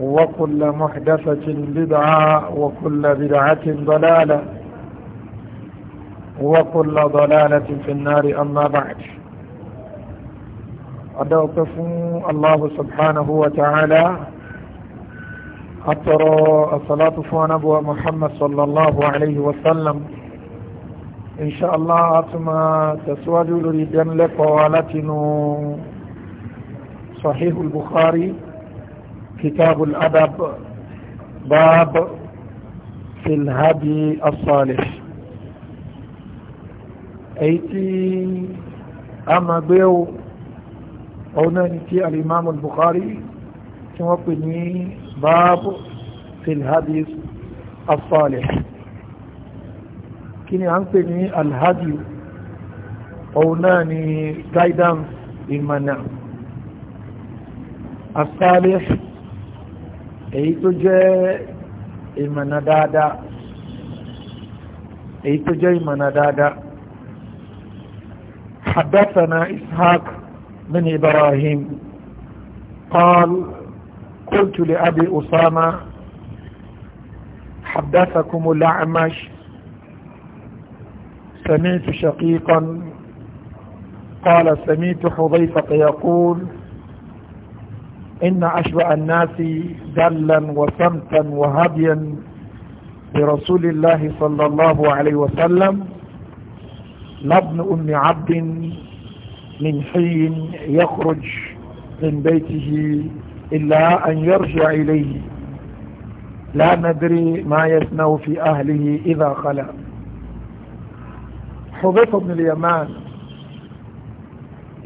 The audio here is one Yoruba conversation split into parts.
وكل محدثة بدعة وكل بدعة ضلالة وكل ضلالة في النار أما بعد أدعوكم الله سبحانه وتعالى أترى الصلاة فنبوة محمد صلى الله عليه وسلم إن شاء الله أتما تسوالي لريدان لك ولكن صحيح البخاري كتاب الأدب باب في الهدي الصالح أيتي أما بيو هنا نتي الإمام البخاري توقني باب في الهدي الصالح كني أنقني الهدي أوناني guidance in my الصالح èyí tó jẹ́ ìmọ̀nà dáadáa èyí tó jẹ́ ìmọ̀nà dáadáa حدثنا إسحاق بن إبراهيم قال قلت لأبي أسامة حدثكم الأعمش سمعت شقيقا قال سمعت حذيفة يقول إن أشبع الناس دلا وسمتا وهديا برسول الله صلى الله عليه وسلم لابن أم عبد من حين يخرج من بيته إلا أن يرجع إليه لا ندري ما يثنو في أهله إذا خلا حذيفة بن اليمان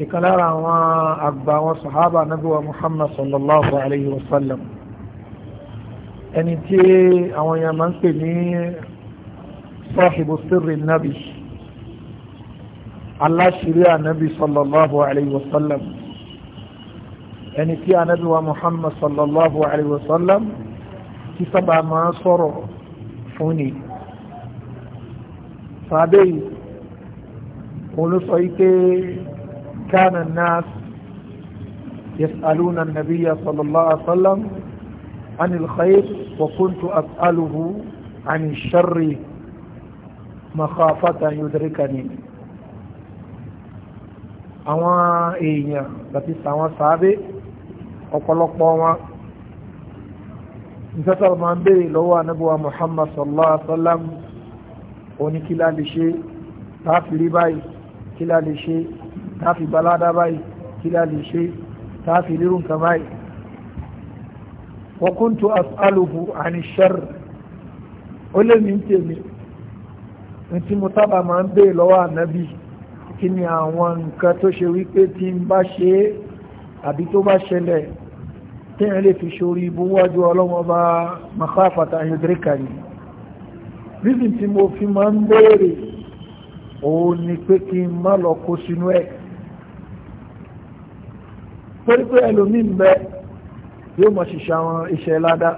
ìkan lára àwọn àgbà àwọn sàhábà anábíwá muhammad sallallahu alayhi wa sallam ẹni tí àwọn èèyàn máa ń pè ní sahibu sirri nabi aláṣírí anábí sallallahu alayhi wa sallam ẹni tí anábíwá muhammad sallallahu alayhi wa sallam tí sábà máa sọ̀rọ̀ fún ni sàbẹ̀ yìí yìí pé كان الناس يسألون النبي صلى الله عليه وسلم عن الخير وكنت أسأله عن الشر مخافة يدركني àwọn èèyàn àti àwọn sàábé ọ̀pọ̀lọpọ̀ wọn ìfẹ́sọ̀rọ̀ máa ń béèrè lọ́wọ́ anábọ́wà Muhammad sallallahu alaihi wasallam oní kí lá lè ṣe láàfin rí báyìí kí lá lè ṣe táfi balada báyìí kí la lè ṣe táfi rírun kan báyìí wa kuntu as'aluhu ani sharr ó lè ní tèmi ní tí mo sábà máa ń béè lọ́wọ́ ànábì kí ni àwọn nǹkan tó ṣe wípé tí ń bá ṣe é àbí tó bá ṣẹlẹ̀ téèyàn lè fi ṣorí ibú wájú ọlọ́wọ́ bá ni rízìn tí mo fi máa ń béèrè òun ni pé kí n má lọ kó sínú ẹ̀ torí pé ẹlòmí ń bẹ yóò mọ̀ ṣiṣẹ́ àwọn iṣẹ́ ládá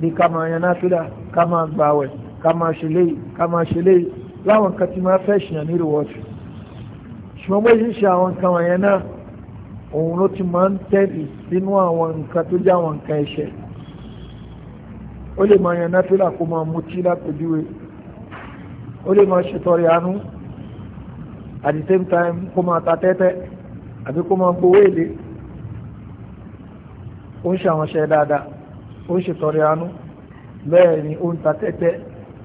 bí ká máa yan náfílà ká máa gbàwẹ̀ ká máa ṣe léyìí ká máa ṣe léyìí láwọn kan ti máa fẹ́ ṣìyàn ní rewọ́tù ṣùgbọ́n bó ṣiṣẹ́ àwọn nǹkan wọ̀nyẹn náà òun ló ti máa ń tẹ́lì sínú àwọn nǹkan tó jẹ́ àwọn nǹkan ẹ̀ṣẹ̀ ó lè máa yan náfílà kó máa mutí lápèjúwe ó lè máa ṣètọrẹ àánú at the same time kó máa ta tẹ́tẹ́ àbí kó máa gbowó èlé ó ń ṣe àwọn ṣe dáadáa ó ń ṣètọrẹ àánú bẹ́ẹ̀ ni ó ń ta tẹ́tẹ́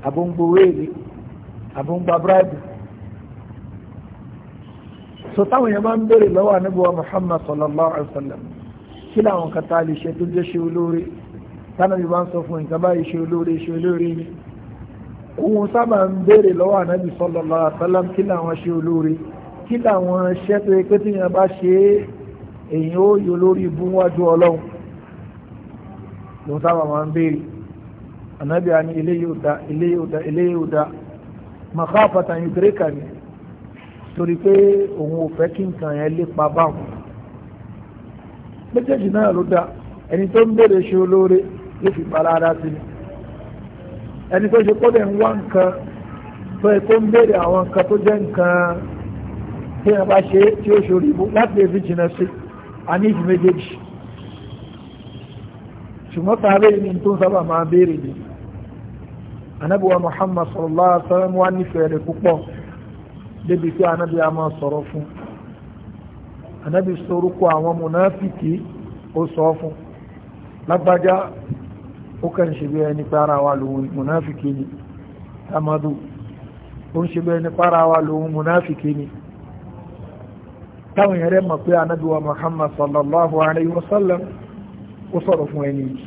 àbó ń gbowó èlé àbó ń gba bíráìbù so táwọn èèyàn máa ń béèrè lọ́wọ́ àníbọ̀wá Muhammad sallallahu alaihi wa sallam kí làwọn kan lè ṣe tó jẹ́ ṣe olóore tánàbí bá ń sọ fún nǹkan báyìí ṣe olóore ṣe olóore ni òun sábà ń béèrè lọ́wọ́ ànábì sallallahu alaihi wa sallam kí làwọn ṣe olóore kí làwọn iṣẹ́ tó yẹ pé tí yẹn bá ṣe é èyàn ó yọ lórí ibú wájú ọlọ́run lóun sábà máa ń béèrè ànábì àní ilé yóò da ilé yóò da ilé yóò da màkàfàtà yìí gírékà ni torí pé òun ò fẹ́ kí nǹkan yẹn lépa báwọn méjèèjì náà ló da ẹni tó ń béèrè ṣe olóore yóò fi bá rárá sí ni ẹni tó ṣe kó lè ń wá nǹkan tó yẹ kó ń béèrè àwọn nǹkan tó jẹ́ nǹkan tí wọ́n bá ṣe tí ó ṣorí mú láti lè fi jìnà sí àníjì méjèèjì ṣùgbọ́n tààrẹ ní tó ń sábà máa béèrè ni anábíwa Muhammad sallallahu alaihi wasallam wá nífẹ̀ẹ́ rẹ̀ púpọ̀ débi pé anábí a máa sọ̀rọ̀ fún anábí sorúkọ àwọn mùnáfìkì ó sọ fún lágbájá ó kàn ṣe bí ẹni pé ara wa lòun mùnáfìkì ni tamadu ó ń ṣe bí ẹni pé ara wa lòun mùnáfìkì ni táwọn èèyàn rẹ̀ mọ̀ pé anábíwa muhammad sallallahu alayhi wa sallam ó sọ̀rọ̀ fún ẹni yìí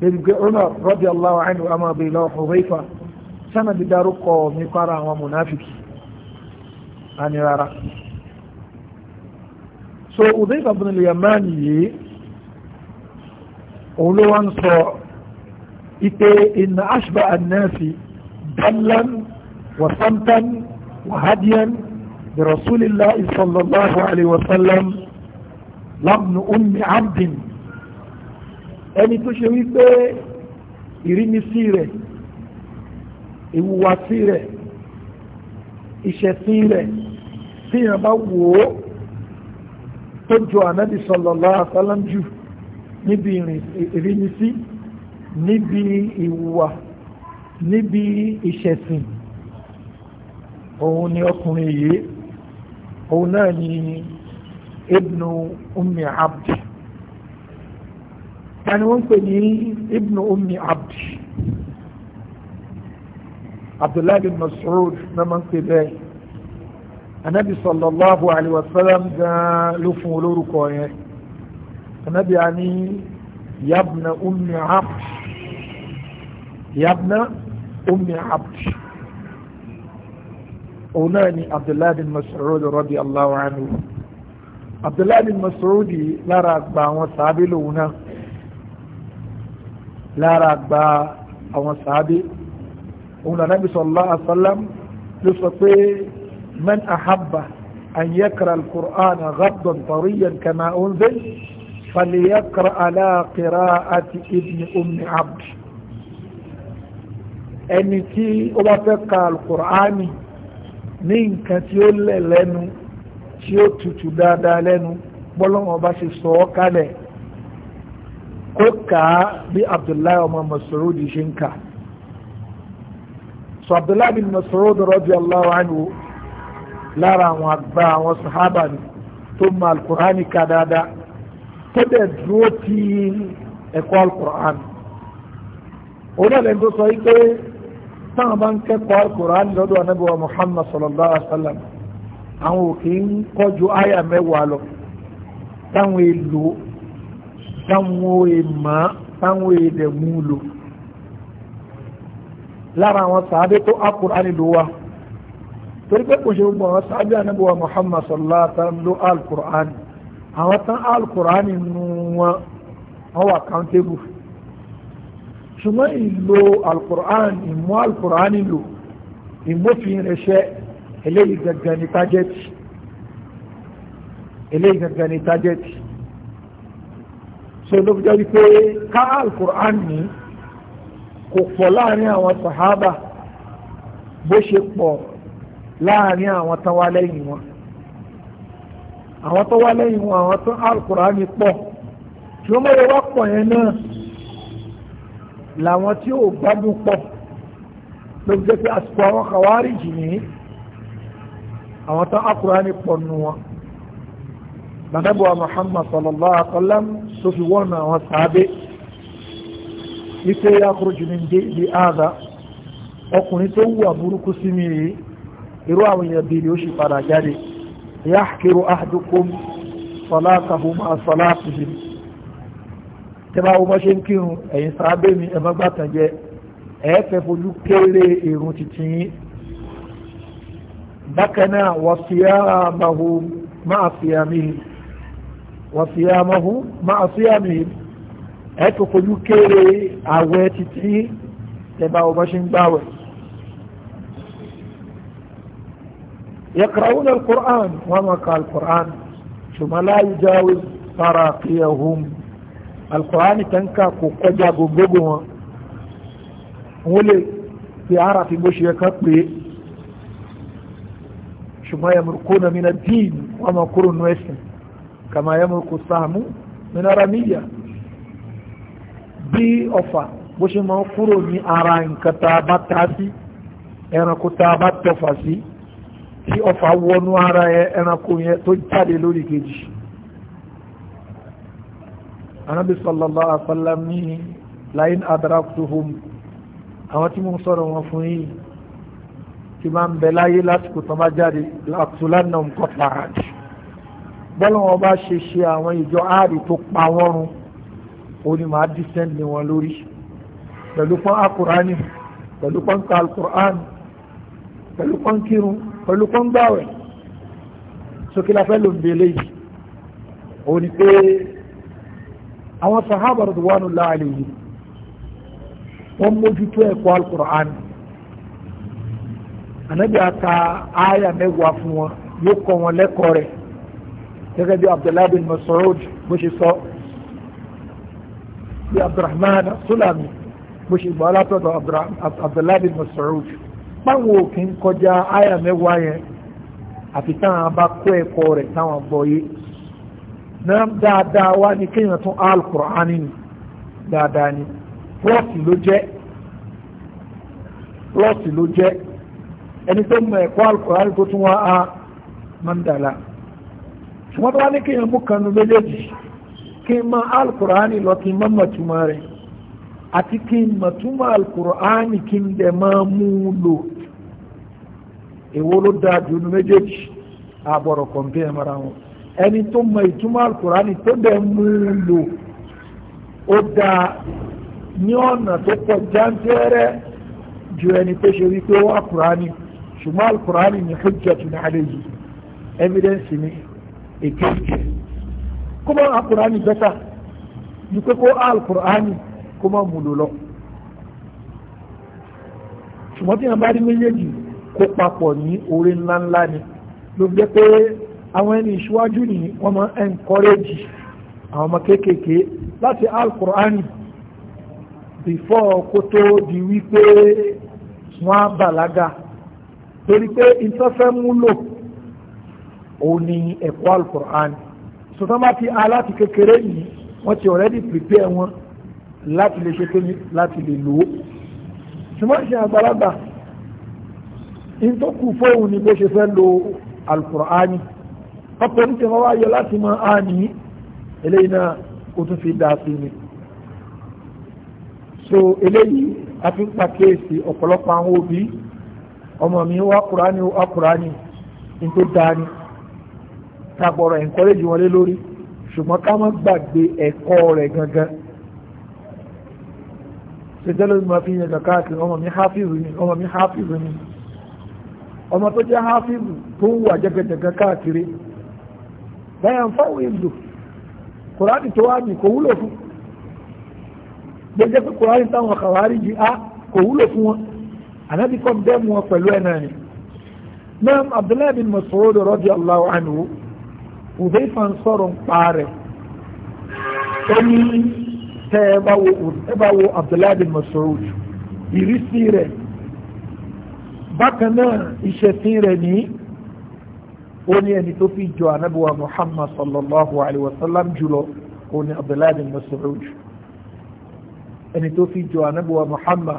lèbi pé umar radiyallahu anhu a máa bèèrè lọ́wọ́ hudhaifa sánà bí dárúkọ mi para àwọn munafiki a ní rárá so hudhaifa bin al-yamani yìí òun ló wá ń sọ ipe inna ashba an dallan wa samtan wa hadiyan برسول الله صلى الله عليه وسلم لابن أم عبد ẹni tó ṣe wípé ìrínisí rẹ̀ ìwùwàsí rẹ̀ ìṣẹ̀sí rẹ̀ tí yàn bá wò ó tó jọ ànábì sallallahu alaihi wasallam jù níbi ìrínisí níbi ìwùwà níbi ìṣẹ̀sìn òun ni ọkùnrin yìí òun náà ni ibnu ummi abdi tani wọ́n pè ní ibnu ummi abdi abdullahi bin mas'ud náà máa ń pè bẹ́ẹ̀ anabi sallallahu alayhi wa sallam gan ló fún olórúkọ yẹn anabi ani yabna ummi abdi yabna ummi abdi òun náà ni abdullahi bin mas'ud radiyallahu anhu abdullahi bin mas'ud lára gba àwọn sàábé lòun náà lára gba àwọn sàábé òun náà nàbí sallallahu alaihi wasallam ló sọ pé man ahabba an yakra al-qur'an ghaddan tariyan kama unzil falyaqra ala qira'ati ibn ummi abd ẹni tí ó bá ní nǹkan tí ó lẹ̀ lẹ́nu tí ó tutù dáadáa lẹ́nu bọ́lọ́wọ́n bá ṣe sọ ọ́ kalẹ̀ ó kà á bí abdullahi ọmọ masurudi ṣe ń kà so abdullahi bin masurudi radiyallahu anhu lára àwọn àgbà àwọn sahaba ni tó mọ alukur'ani ká dáadáa tó dẹ̀ dúró ti ẹ̀kọ́ alukur'ani ó dẹ̀ lẹ́nu tó sọ yìí pé táwọn bá ń kẹ́kọ̀ọ́ al-Qur'an lọ́dọ̀ Ànábì wa Muhammad sallallahu alaihi wa sallam àwọn òkè ń kọjú àyà mẹ́wàá lọ táwọn èlò táwọn èèmà táwọn èdèmú lò lára àwọn sàábé tó al-Qur'an lò wá torí pé kò ṣe gbogbo àwọn sàábé Ànábì Muhammad sallallahu alaihi wa sallam ló al àwọn tán al nù wọn wọn wà ṣùgbọ́n ìlò alukur'an ìmú alukur'an lò ìmófin rẹ̀ ṣẹ́ eléyìí gangan ní tájẹ́tì eléyìí gangan ní tájẹ́tì ṣe ló fi jẹ́ wípé ká alukur'an ní kò pọ̀ láàrin àwọn sàhábà bó ṣe pọ̀ láàrin àwọn tán wá lẹ́yìn wọn àwọn tó wọn àwọn tó alukur'an ní pọ̀ ṣùgbọ́n mo lè wá pọ̀ yẹn náà làwọn tí ó gbádùn pọ̀ ló jẹ́ pé àsìkò àwọn kàwárìjì ní àwọn tán akùrá ní pọ̀ nù wọn nàdàbọ̀ Muhammad sallallahu alaihi wa sallam tó fi wọ́n na àwọn sàábé wípé akùrùjù ní dé ibi àdá ọkùnrin tó wù àbúrúkú sí mi rí irú àwọn èèyàn bèèrè ó sì padà jáde yahkiru ahdukum salatahu ma'a salatihim tẹ́bá wo bọ́ ṣe ń kírun ẹ̀yin sábẹ́ mi ẹ̀ mọ́gbàtàn jẹ ẹ̀ fẹ́ fojú kéré èrún títí yín bákan náà wọ́n fi àmàhù máa fi àmì wọ́n fojú kéré àwẹ̀ títí tẹ́bá bọ́ ṣe ń gbàwẹ̀. يقرؤون القرآن وما قال القرآن ثم لا يجاوز تراقيهم alkùránì tẹ́ǹkà kò kọjá gbogbo wọn wọ́n lè fi ara fi bó ṣe yẹ ká pé ṣùgbọ́n yẹmùrùkú na mina dín wọn máa kúrò nù ẹ̀sìn kàmá yẹmùrùkú sàmú mina ramíyà bí ọ̀fà bó ṣe máa kúrò ní ara nǹkan tá a bá ta sí ẹranko tá a bá tọfà sí tí ọ̀fà wọnú ara ẹranko yẹn tó jáde lórí kejì anábì sallallahu alaihi wasallam ní láyín adraktuhum àwọn tí mo ń sọ̀rọ̀ wọn fún yìí tí máa ń bẹ láyé lásìkò tó bá jáde àtúlánà nǹkan pàràjù bọ́lá wọn bá ṣe ṣe àwọn ìjọ áàrì tó pa wọ́n run ó ní máa dísẹ́ǹdì wọn lórí pẹ̀lú pọ́n akùránì pẹ̀lú pọ́n la fẹ́ lòdì eléyìí ó ní àwọn sahaba radwanullahi alayhi wọ́n mójútó ẹ̀kọ́ alukur'an anabi ata aya mẹ́wàá fún wọn yóò kọ́ wọn lẹ́kọ̀ọ́ rẹ̀ gẹ́gẹ́ bí abdullahi bin masoud bó ṣe sọ bí abdulrahman sulami bó ṣe gbọ́ látọ̀dọ̀ abdullahi bin masoud báwo kì í kọjá aya mẹ́wàá yẹn àfi táwọn bá kọ́ ẹ̀kọ́ rẹ̀ táwọn gbọ́ yìí náà dáadáa wá ní kéèyàn tún alukur'ani ni dáadáa ni plọ́ọ̀tì ló jẹ́ plọ́ọ̀tì ló jẹ́ ẹni tó mọ ẹ̀kọ́ alukur'ani tó tún wá a mandala ṣùgbọ́n tó wá ní kéèyàn mú kanu méjèèjì kí n mọ alukur'ani lọ kí n mọ mọ̀túmọ̀ rẹ̀ àti kí n mọ̀túmọ̀ alukur'ani kí n dẹ̀ máa mú un lò èwo ló dáa jù ní méjèèjì àbọ̀rọ̀ kọ̀ǹpé mara wọn ẹni tó mọ ìtumọ̀ alukurani tó dẹ̀ mú un lò ó dáa ní ọ̀nà tó pọ̀ jáńtẹ́rẹ́ ju ẹni tó ṣe wípé wọ́n alukurani ṣùgbọ́n alukurani ní hujjatun alayhi evidence ni èkéèké kuma alukurani bẹ́tà ju pé kó alukurani kó má mú lò lọ ṣùgbọ́n tí wọ́n bá rí méjèèjì kó papọ̀ ní orí ńláńlá ni ló jẹ́ pé àwọn ẹni ìṣíwájú ni wọ́n máa encourage àwọn ọmọ kéékèèké láti alkùránì before kó tó di wípé wọ́n á bàlágà torí pé ìtọ́fẹ́ múlò òun ni ẹ̀kọ́ alkùránì sọtọ́ bá ti aláti kékeré yìí wọ́n ti already prepare wọn láti lè ṣe kéyìn láti lè lò ó ṣùgbọ́n ṣe àgbàlagbà in tó kù fóun ni bó ṣe fẹ́ lo alkùránì ọ̀pọ̀ ní tẹ̀wọ́ wáyọ láti mọ àní eléyìí náà ó tún fi dá sí ni so eléyìí a fi ń pàkíyèsí ọ̀pọ̀lọpọ̀ àwọn òbí ọmọ mi wá kùránì wá kùránì ní tó dáa ni tagbọ̀rọ̀ ẹ̀ńkọ́lẹ́jì wọn lé lórí ṣùgbọ́n ká má gbàgbé ẹ̀kọ́ rẹ̀ gangan ṣe tẹ́lẹ̀ ma fi yẹn kàkà àti ọmọ mi hafizu ni ọmọ mi hafizu ni ọmọ tó jẹ́ hafizu tó ń wà jẹ́gẹ̀jẹ̀gẹ̀ káàkiri lẹ́yìn fáwọn èdò kùránì tó wá ní kò wúlò fún jẹ́jẹ́ pé kùránì táwọn àkàwárí jì á kò wúlò fún wọn ànábì kọ́ dẹ́mu wọn pẹ̀lú ẹ̀ náà ni mẹ́m abdullahi bin masoud rọ́dí allahu anhu Hudhayfa ń sọ̀rọ̀ ń pa rẹ̀ ó ní tẹ́ ẹ wo abdullahi bin masoud ìrísí rẹ̀ bákan náà ìṣẹ̀sìn rẹ̀ nìyí ó ní ẹni tó fi jọ anábíwá muhammad sallallahu alayhi wa sallam jùlọ ó ní abdullahi bin masoud ẹni tó fi jọ anábíwá muhammad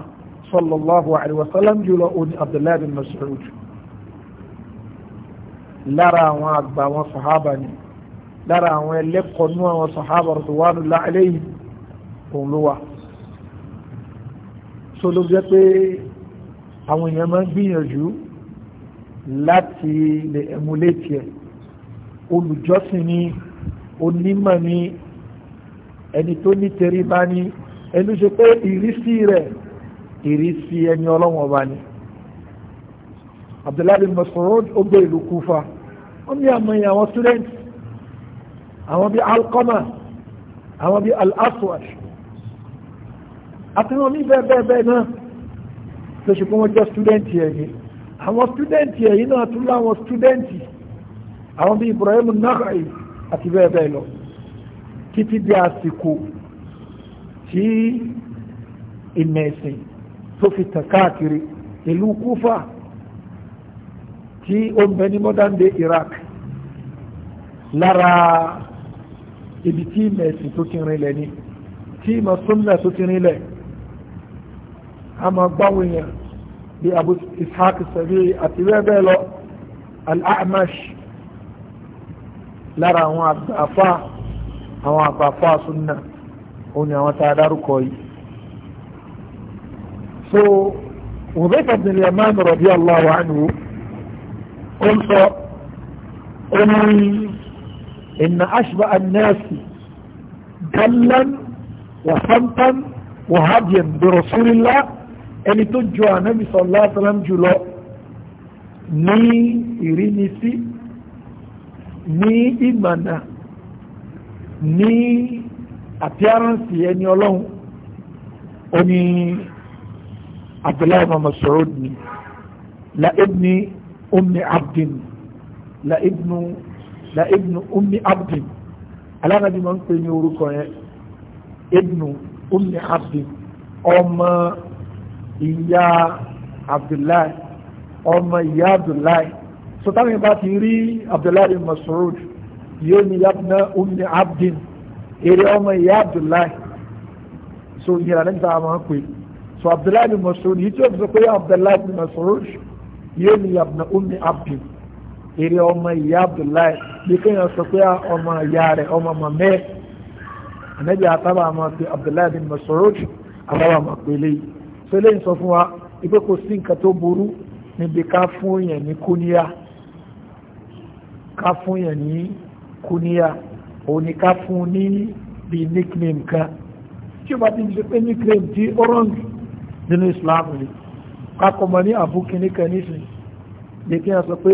sallallahu alayhi wa sallam jùlọ ó ní abdullahi bin masoud lára àwọn àgbà àwọn sàhábà ni lára àwọn ẹlẹ́kọ̀ọ́ nú àwọn sàhábà radwanullahi alayhim òun ló wà so ló jẹ́ pé àwọn èèyàn máa ń gbìyànjú láti lè emulate ẹ̀ olùjọ́sìn ni onímọ̀ ni ẹni tó ní tẹríba ni ẹni ṣe pé ìrísí rẹ̀ ìrísí ẹni ọlọ́wọ̀n ọba ni Abdullahi bin Mas'ud ó gbé ìlú Kúfà wọ́n ní àmọ́yìn àwọn students àwọn bíi Alqama àwọn bíi Al-Aswad àti wọn ní bẹ́ẹ̀ bẹ́ẹ̀ bẹ́ẹ̀ náà lóṣù pé wọ́n jẹ́ student yẹn ni àwọn student ẹ̀yìn náà tún láwọn student àwọn bíi Ibrahim Nakhai àti bẹ́ẹ̀ bẹ́ẹ̀ lọ títí di àsìkò tí ìmọ̀ ẹ̀sìn tó fi tàn káàkiri ìlú Kúfà tí ó ń bẹ ní modern day Iraq lára ibi tí ìmọ̀ tó ti rinlẹ̀ ni tí ìmọ̀ súnmọ̀ tó ti rinlẹ̀ a máa gbáwò yẹn بأبو إسحاق السبيعي أتوي الأعمش لرى هو عبد أفا هو عبد أفا سنة هنا وتعدار كوي سو so, وضيف ابن اليمان رضي الله عنه قلت قلت إن أشبع الناس جلا وصمتا وهديا برسول الله ẹni tó jọ ànábì sallallahu alaihi wasallam jùlọ ní ìrínisí ní ìmọ̀nà ní àpíáránsì ẹni ọlọ́run ó ní abdullahi mama sọ̀rọ̀ ni la ibni ummi abdin la ibnu la ibnu ummi abdin alánàbí máa ń pè ní orúkọ yẹn ibnu ummi abdin ọmọ ìyá abdullahi ọmọ ìyá abdullahi so táwọn ìbá ti rí abdullahi bin mas'ud yóò ní yabna ummi abdin èrè ọmọ ìyá abdullahi so ìyẹn lẹ́yìn tá a máa ń pè so abdullahi bin mas'ud yìí tí ó sọ pé abdullahi bin mas'ud yóò ní yabna ummi abdin èrè ọmọ ìyá abdullahi bí kéèyàn sọ pé ọmọ ìyá rẹ̀ ọmọ mọ̀mẹ́ anabi àtàwọn àmọ́ pé abdullahi bin mas'ud àtàwọn àmọ́ pé so eléyìí sọ fún wa ipe kò sí nǹkan tó burú níbi ká fún yẹn ní kúníyà ká fún yẹn ní kúníyà òun ni ká fún ní bí nickname kan tí o bá ti ṣe pé nickname tí ó nínú Islam ni kakọmọ ní Abu kìíní kan nísìnyí lè kí n sọ pé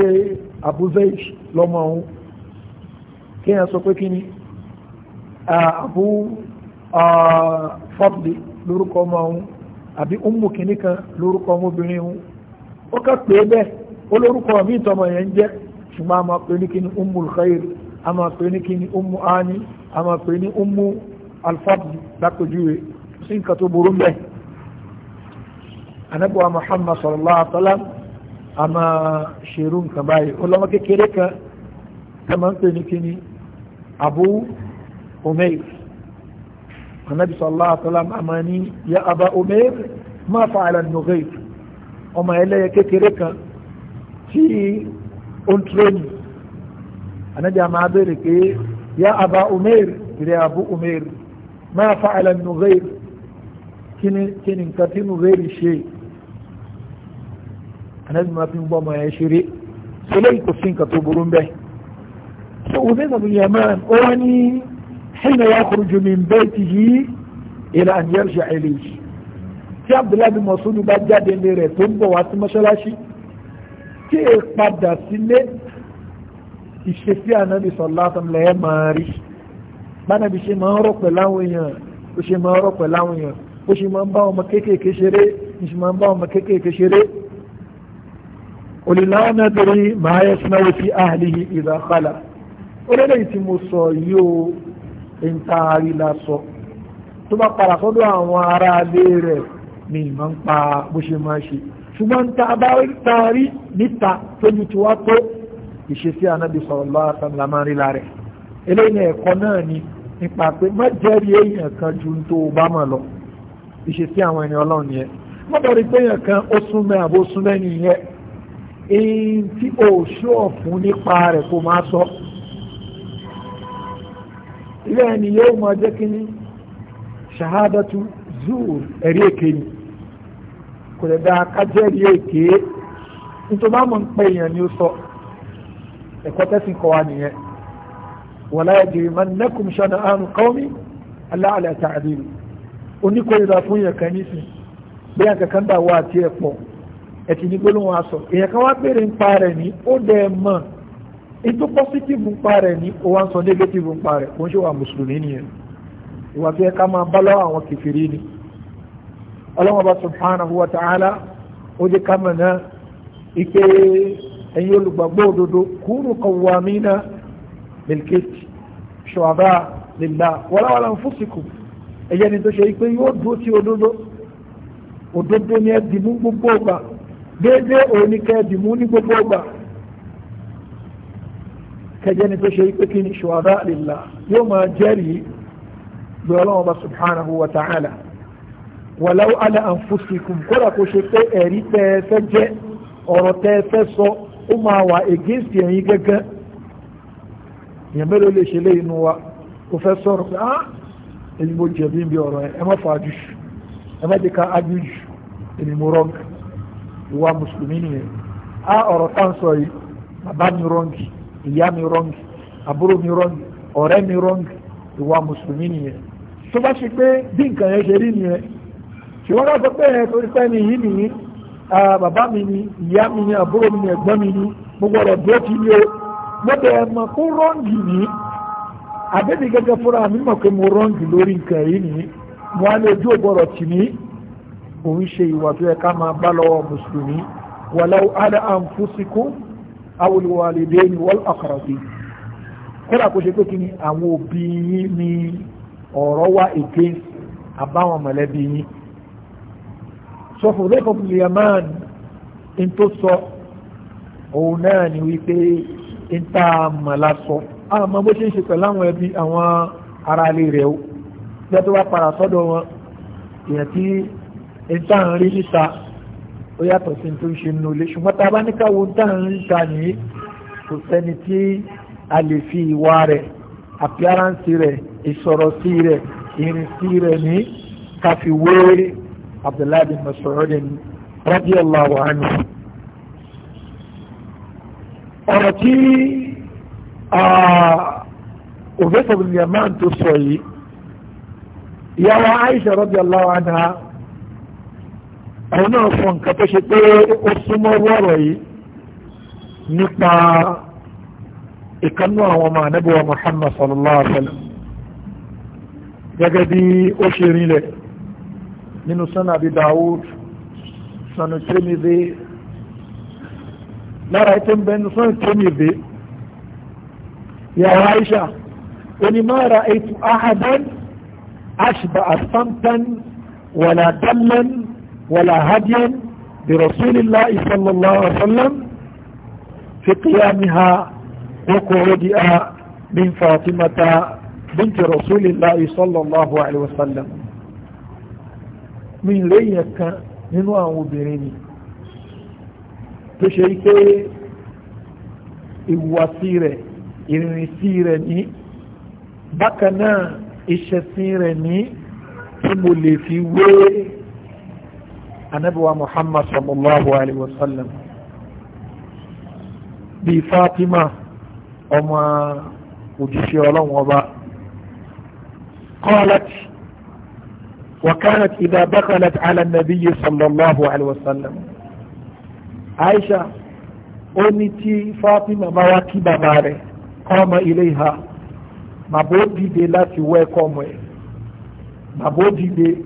Abu Zayd lọmọ òun kí n sọ pé kí Abu ah, Fadli lórúkọ ọmọ òun àbí ọmọ kìíní kan lórúkọ ọmọbìnrin òun ó kà pé bẹ́ẹ̀ ó lórúkọ mi tọmọ yẹn ń jẹ́ ṣùgbọ́n a máa pè ní kíni ummul khair a máa pè ní kíni ummu ani a máa pè ní ummu alfadl lápèjúwe sí nǹkan tó burú bẹ́ẹ̀ anabuwa muhammad sallallahu alaihi wa sallam a máa ṣerú nǹkan báyìí ọlọ́mọ kékeré kan ẹ máa ń pè ní kíni abu umeir anabi sallallahu alaihi wasallam àmà ní ya aba umair ma fa'ala an-nughayr ọmọ ẹlẹ́yẹ kékeré kan tí ó ń tírénì anabi àmà abẹ́rẹ̀ pé ya aba umair ìrẹ́ abu umair ma fa'ala an-nughayr kí ni nǹkan tí nughayr ṣe anabi ma fi ń gbọ́ ọmọ ẹ̀ ṣeré sọlẹ́ ìkòsí nǹkan tó burú ń bẹ́ẹ̀ so umair abu yaman ó wá ní حين يخرج من بيته إلى أن يرجع إليه tí abdullahi bin masudu bá jáde lé rẹ̀ tó ń bọ̀ wá sí mọ́ṣáláṣí tí è padà sílé ìṣesí ànábì sọ̀látàn lẹ́ẹ̀ máa rí bánàbí ṣe máa ń rọ̀ pẹ̀lú àwọn èèyàn ó ṣe máa ń rọ̀ pẹ̀lú àwọn èèyàn ó ṣe máa ń bá ọmọ kéékèèké ṣeré ó ṣe máa ń bá ọmọ kéékèèké ṣeré olùláwọn náà torí màá yẹ sinawo sí àhàlì ìdàkálà ó lélẹ́yìn tí ń ta arí lásọ tó bá padà sọ́dọ̀ àwọn ará alé rẹ̀ ni ìmọ̀ ń pa bó ṣe máa ṣe ṣùgbọ́n ta bá ta rí níta tó ní tiwa tó ìṣesí anábì sallallahu alaihi wasallam la máa ń rí lára ẹ̀ eléyìí ẹ̀kọ́ náà ni nípa pé má jẹ́rìí èèyàn kan ju tó o bá mọ̀ lọ ìṣesí àwọn ẹni ọlọ́run ni ẹ ó súnmẹ́ àbó nípa rẹ̀ kó máa sọ ilé ẹni yóò máa jẹ́ kí ní ṣahadatu zuur ẹ̀rí èké ni kò lè dáa kájẹ́rìí èké nítorí máa mọ̀ ń pẹ́ èèyàn ni ó sọ ẹ̀kọ́ tẹ́sìn kọ́ wa nìyẹn wala yajrimannakum shana'anu qawmin ala ala ta'dilu oníkòyìnbá fún yẹn kan nísìn bí yàn kankan dà wá àti ẹ̀pọ̀ ẹ̀tì ní gbólóhùn aṣọ èèyàn kan wá béèrè ń pa rẹ̀ ní ó dẹ̀ mọ̀ ètò positive ń pa rẹ̀ ní o ń sọ negative ń pa rẹ̀ kò ń ṣe wà mùsùlùmí nìyẹn ìwà tó yẹ máa bá lọ́wọ́ àwọn kèfèrí ni ọlọ́wọ́ bá subhanahu wa ta'ala ó jẹ́ ká náà ike ẹ̀yin olùgbàgbọ́ òdodo kúrú qawwamina bilkiti ṣọ̀bá lillah wala anfusikum ẹ̀yẹ́ ni tó ṣe pé yóò dúró tí òdodo òdodo ni ẹ̀ dìmú gbogbo ọgbà déédéé òun ni kẹ́ ẹ̀ dìmú ní gbogbo ọgbà kẹjẹni tó ṣe wípé kí ni ṣùwádá àlèlà yóò máa jẹ́rìí bí ọlọ́wọ́ bá subhanahu wa ta'ala wàláwó ala anfusikum kódà kó ṣe pé ẹ̀rí tẹ́ ẹ fẹ́ jẹ́ ọ̀rọ̀ tẹ́ ẹ fẹ́ sọ ó máa wà against ẹ̀yin gẹ́gẹ́ èèyàn mélòó lè ṣe léyìn wa kò fẹ́ sọ̀rọ̀ pé ah èyí mo jẹ̀bi bí ọ̀rọ̀ ẹ má fa jù ẹ má jẹ́ ká ájú èmi mo rọ́ǹgì ìwà mùsùlùmí nìyẹn ah ọ̀rọ̀ tá à ń sọ yìí bàbá mi rọ́ǹgì ìyá mi wrong àbúrò mi wrong ọ̀rẹ́ mi wrong ìwà mùsùlùmí nìyẹn tó bá ṣe pé bí nǹkan yẹn ṣe rí nìyẹn ṣùgbọ́n ká sọ pé ẹ̀ torí pé ẹni yìí nìyí bàbá mi ni ìyá mi ni àbúrò mi ni ẹ̀gbọ́n mi ni gbogbo ọ̀rọ̀ bí ó ti ní o mo bẹ̀ ẹ̀ mọ̀ kó wrong nìyí àbẹ́bí gẹ́gẹ́ fúnra mi mọ̀ pé mo wrong lórí nǹkan yìí nìyí mo á lè ojú ògbọ̀rọ̀ tì mí òun ṣe ìwà tó yẹ ká máa bá lọ́wọ́ mùsùlùmí wàlá àdá àǹfùsìkún awul walidaini wal aqrabin kódà kó ṣe pé kí ni àwọn òbí yín ni ọ̀rọ̀ wá èké àbáwọn mọ̀lẹ́bí yín sọ fún lẹ́kọ̀ọ́ fún sọ òun náà ni wípé n tá a mọ̀ la sọ àmọ́ bó ṣe ń ṣe pẹ̀lú àwọn ẹbí àwọn ará ilé rẹ̀ o lẹ́tọ́ wá para sọ́dọ̀ wọn èèyàn tí n ń rí níta ó yàtọ̀ sí tó ń ṣe nínú ilé ṣùgbọ́n tá a bá ní káwo tá à ń ta nìyí kò sẹ́ni tí a lè fi ìwà rẹ̀ àpíáránsì rẹ̀ ìsọ̀rọ̀ sí rẹ̀ ìrìnsí rẹ̀ ní káfí wéèrè Abdullahi bin Mas'ud radiyallahu anhu. ọ̀rọ̀ tí òfin máa ń tó sọ yìí ìyá wa Aisha radiyallahu anha. àwọn náà sọ nǹkan tó ṣe pé ó súnmọ́ wọ́rọ̀ yìí nípa ìkanú àwọn ọmọ ànábì wa Muhammad sallallahu alaihi wa sallam gẹ́gẹ́ bí ó ṣe rinlẹ̀ nínú sọ́nà àbí Dawud sọ́nà tẹ́mìdé lára ètò ń bẹnu sọ́nà tẹ́mìdé yàrá Aisha onímọ̀ra ètò ahadan ashba asamtan wàlá dallan ولا هديا برسول الله صلى الله عليه وسلم في قيامها وقعودها من فاطمة بنت رسول الله صلى الله عليه وسلم من ليك من وبريني تشيكي ìwàsí ìrìnsí rẹ̀ ní bákan náà ìṣẹ̀sí anabiwa muhammad sallallahu alaihi wasallam bí fatima ọmọ òjíṣẹ́ ọlọ́run ọba qalat وكانت إذا دخلت على النبي صلى الله عليه وسلم عائشة أنتي فاطمة مواكب باري قام إليها ما بودي دي لا توي قومي ما بودي دي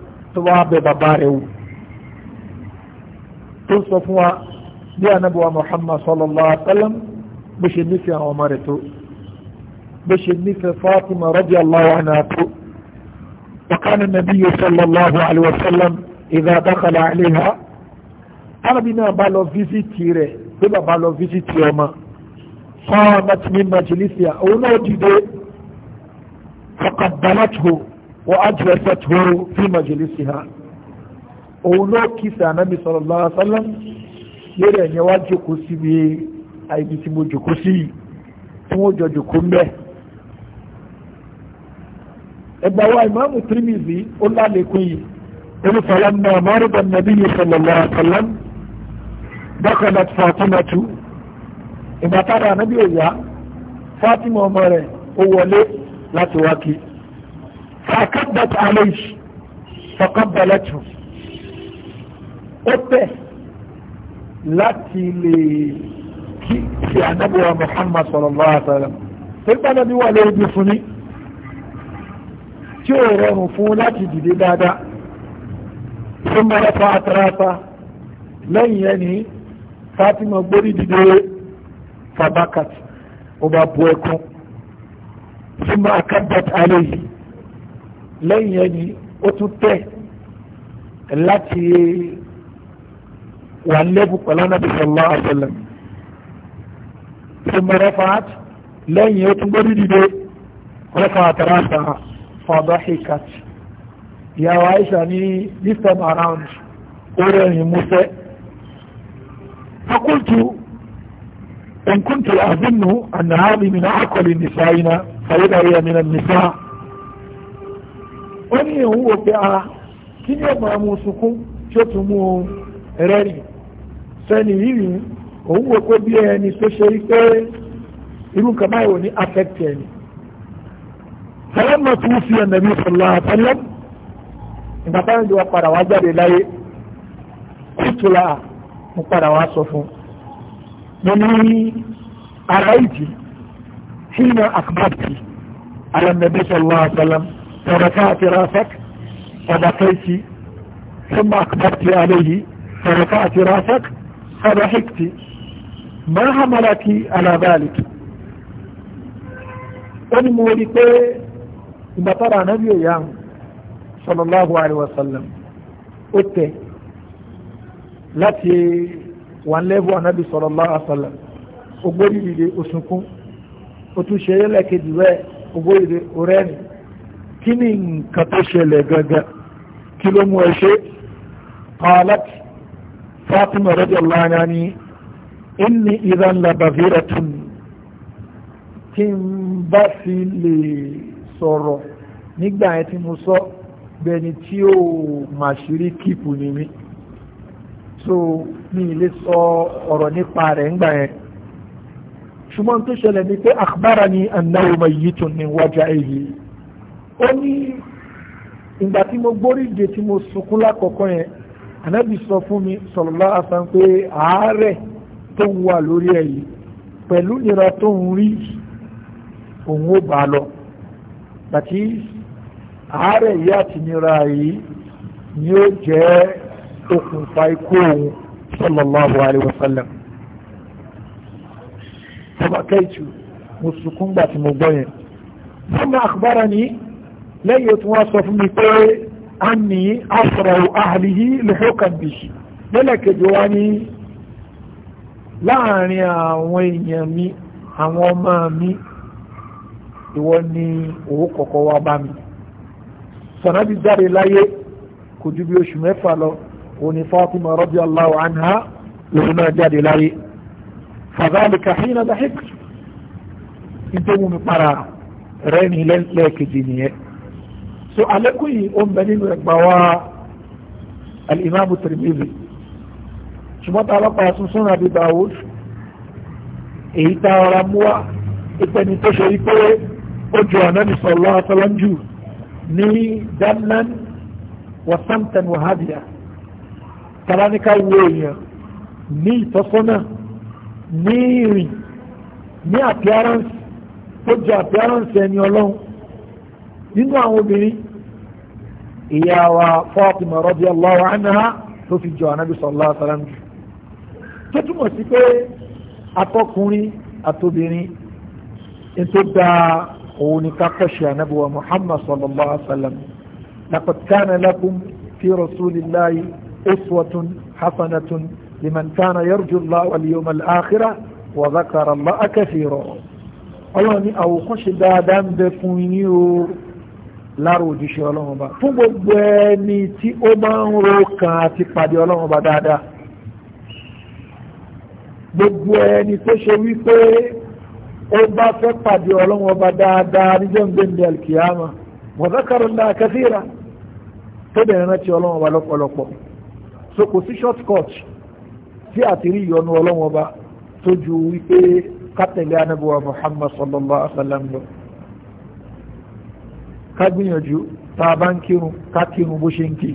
tó wá bẹ bàbá rẹ̀ wò tó sọ fún wa bí anábíwá Muhammad sallallahu alaihi wa sallam bó ṣe nífẹ̀ẹ́ àwọn ọmọ rẹ̀ tó bó ṣe nífẹ̀ẹ́ Fatima radiyallahu anha tó وكان النبي صلى الله عليه وسلم إذا دخل عليها arábí náà bá lọ fíṣítì rẹ̀ pé bàbá lọ fíṣítì ọmọ sọ́ọ́ náà ti ní màjìlísìá òun náà dìde fọkàndánátò wa ajlasathu fi majlisiha òun ló kí sí ànábì sallallahu alaihi wasallam lórí ẹ̀yẹ wá jókòó sí bí àìbí tí mo jókòó sí tí wọ́n jọ jókòó mbẹ́ ẹgbà wa ìmáàmù Tirmidhi ó lálẹ́kùn yìí olùfàlà náà márùbà nàbí yìí sallallahu alaihi wasallam dakalat Fatimatu ìgbà tára ànábì òyà Fatima ọmọ rẹ̀ ó wọlé láti wá kí i. فأكبت عليه فقبلته أبه láti lè kí ti ànábọ̀wà Muhammad sallallahu alaihi wasallam pípàdà bí wà lórí fún ní tí ó rọrùn fún láti dìde dáadáa fún marafa àtàràfà lẹ́yìn ẹni Fatima gbórí dìde fabakat ó bá bu ẹkún fún ma akabat alayhi lẹ́yìn ẹni ó tún tẹ̀ láti wà lẹ́bù pẹ̀lú anábì sọ̀lá àṣẹlẹ̀ sọmọ rẹ́fàát lẹ́yìn ó tún gbórí dìde rẹ́fàát ráṣà fọ̀dọ̀ hikat ìyàwó Aisha ní this time around ó rẹ̀yìn músẹ́ fakultu in kuntu azunnu an hadi min aqwali nisa'ina fa yadari min an wọ́n ní òun wò pé ara ah, kí ni ọmọ ọmọ sunkún tí ó tún mú rẹ́rì sẹ́ni yìí òun wò pé bí ẹni tó ṣe rí pé irú nǹkan báyìí ò ní affect ẹni. فلما توفي النبي صلى الله عليه وسلم ìgbà táwọn ìjọba padà wá jáde láyé kútùlá mo padà wá sọ fún mo ní ara ìjì hina akbati ala nabi sallallahu alaihi فرفع راسك فبقيت ثم أقبلت عليه فرفعت راسك فضحكت ما حملك على ذلك ó ní mo rí pé ìgbàtàrà ànábì òyà ń sallallahu alaihi wasallam ó tẹ̀ láti wọn lẹ́bù ànábì sallallahu alaihi wasallam ogbóríire òsùnkún ó tún ṣe é lẹ́kejì rẹ̀ ogbóríire orẹ́rìn kí ni nǹkan tó ṣẹlẹ̀ gangan kí ló mú ẹ ṣe qalat fatima radiyallahu anha ni inni idhan la baziratun tí n bá fi lè sọ̀rọ̀ nígbà yẹn tí mo sọ bẹni tí ó màṣírí kíìpù ni mí so mi lè sọ ọ̀rọ̀ nípa rẹ̀ ńgbà yẹn ṣùgbọ́n tó ṣẹlẹ̀ ni pé akhbarani annahu mayyitun min waj'ihi ó ní ìgbà tí mo gbóríje tí mo sunkún lákọ̀ọ́kọ́ yẹn ànábì sọ fún mi sallallahu alaihi wasallam pé àárẹ̀ tó ń wà lórí ẹ̀ yìí pẹ̀lú ìnira tó ń rí òun ó bá lọ àti àárẹ̀ yìí àti ìnira yìí ni ó jẹ́ okùnfà ikú òun sallallahu alaihi wasallam ọba kẹ́ẹ̀tù mo sunkún gbà tí mo gbọ́ yẹn fún mi akhbarani lẹ́yìn tí wọ́n sọ fún mi pé a ní asọ̀rọ̀ ahàlìyí lùfọ́kànbì lẹ́lẹ̀kejì wá ní láàrin àwọn èèyàn mi àwọn ọmọ mi ìwọ ni òwò kọ̀kọ́ wá bá mi sànábì jáde láyé kò ju bí oṣù mẹ́fà lọ òní Fatima radiyallahu anha lòun náà jáde láyé fàzálìkà hínà dahik so alẹ́kùn yìí ó ń bẹ nínú ẹgbà wa alimami Tirmidhi ṣùgbọ́n tá a bá pa sunsun rabi Dawud èyí tá a ra mú wa ìpẹni tó ṣe wípé ó ju ànábì sallallahu alaihi wasallam jù ní dandan wa samtan wa hadiya wo èèyàn ní ìtọ́sọ́nà ní ìrìn ní appearance tó ju appearance ẹni ọlọ́run nínú àwọn obìnrin ìyá wa Fatima radiyallahu anha tó fi jọ ànábì sallallahu alaihi wasallam tó túmọ̀ sí pé atọ́kùnrin àtobìnrin ní tó dáa òun ni ká kọ́ṣe ànábì wa Muhammad sallallahu alaihi wasallam laqad kana lakum fi rasulillahi uswatun hasanatun liman kana yarju Allah wal yawmal akhirah wa dhakara Allah kathira ọlọ́ni àwòkọ́ṣe dáadáa ń bẹ fún yín o lára òjíṣẹ́ ọlọ́run ọba fún gbogbo ẹni tí ó máa ń ro kan àti pàdé ọlọ́run ọba dáadáa gbogbo ẹni tó ṣe wípé ó bá fẹ́ pàdé ọlọ́run ọba dáadáa níjọ́ gbẹ̀ndẹ̀ alkiyama mọ̀zákàrọ̀ ńlá kẹfìrà tó bẹ̀rẹ̀ rántí ọlọ́run ọba lọ́pọ̀lọpọ̀ so kò sí shortcut tí àti rí ìyọnu ọlọ́run ọba tó ju wípé kátẹ̀lé anábíwá Muhammad sallallahu alaihi wa sallam lọ ká gbìyànjú tá a bá ń kírun ká kírun bó ṣe ń kí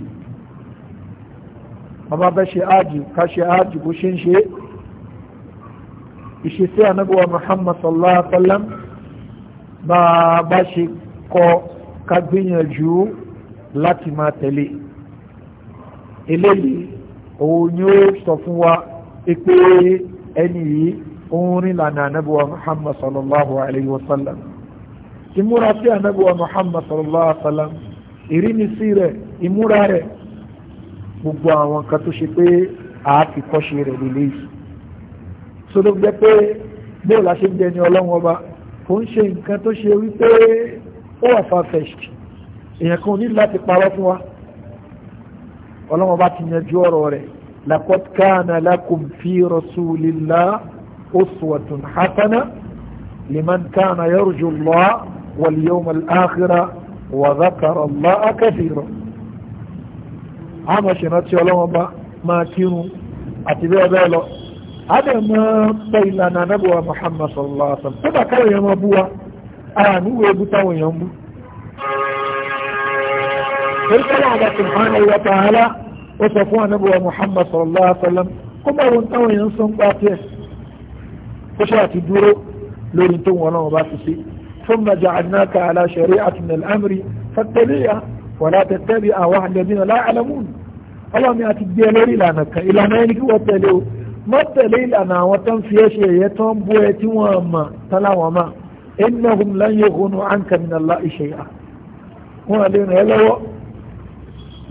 bàbá bẹ́ ṣe áàjì ká ṣe áàjì bó ṣe ń ṣe ìṣesí ànábọ̀wá Muhammad sallallahu alaihi wa sallam bá a bá ṣe kọ́ ká gbìyànjú láti máa tẹ̀lé eléyìí òun ni ó sọ fún wa pé ẹni yìí òun rìn lànà ànábọ̀wá Muhammad sallallahu alaihi wa sallam ìmúra sí ànábì wa Muhammad sallallahu alaihi wa sallam ìrínisí rẹ̀ ìmúra rẹ̀ gbogbo àwọn kan tó ṣe pé àáfi kọ́ṣe rẹ̀ lélẹ̀ yìí so ló gbẹ pé bóò la ṣe ń jẹ ní ọlọ́run ọba kò ń ṣe nǹkan tó ṣe wípé ó wà far-fetched èèyàn kan ní láti parọ́ fún wa ọlọ́run ọba ti yanjú ọ̀rọ̀ rẹ̀ laqad lakum fi rasulillah uswatun hasana liman kana yarju واليوم الاخر وذكر الله كثيرا عما شناتي علامة ما كينو أتبعي بالو هذا ما بيلنا نبوى محمد صلى الله عليه وسلم تبا كاو يا مبوى آنو ويبتاو يا مبوى فلك الله سبحانه وتعالى وصفوا نبوى محمد صلى الله عليه وسلم كما ونتاو ينصن باتيه فشاتي دورو لورنتو ونو باتي ثم جعلناك على شريعة من الأمر فاتبعها ولا تتبع واحد الذين لا يعلمون اللهم يأتي الديالوري لانك إلى مالك وتلو ما تلي لنا وتنفي شيئة بويت وما تلا وما إنهم لن يغنوا عنك من الله شيئا وعلينا يلو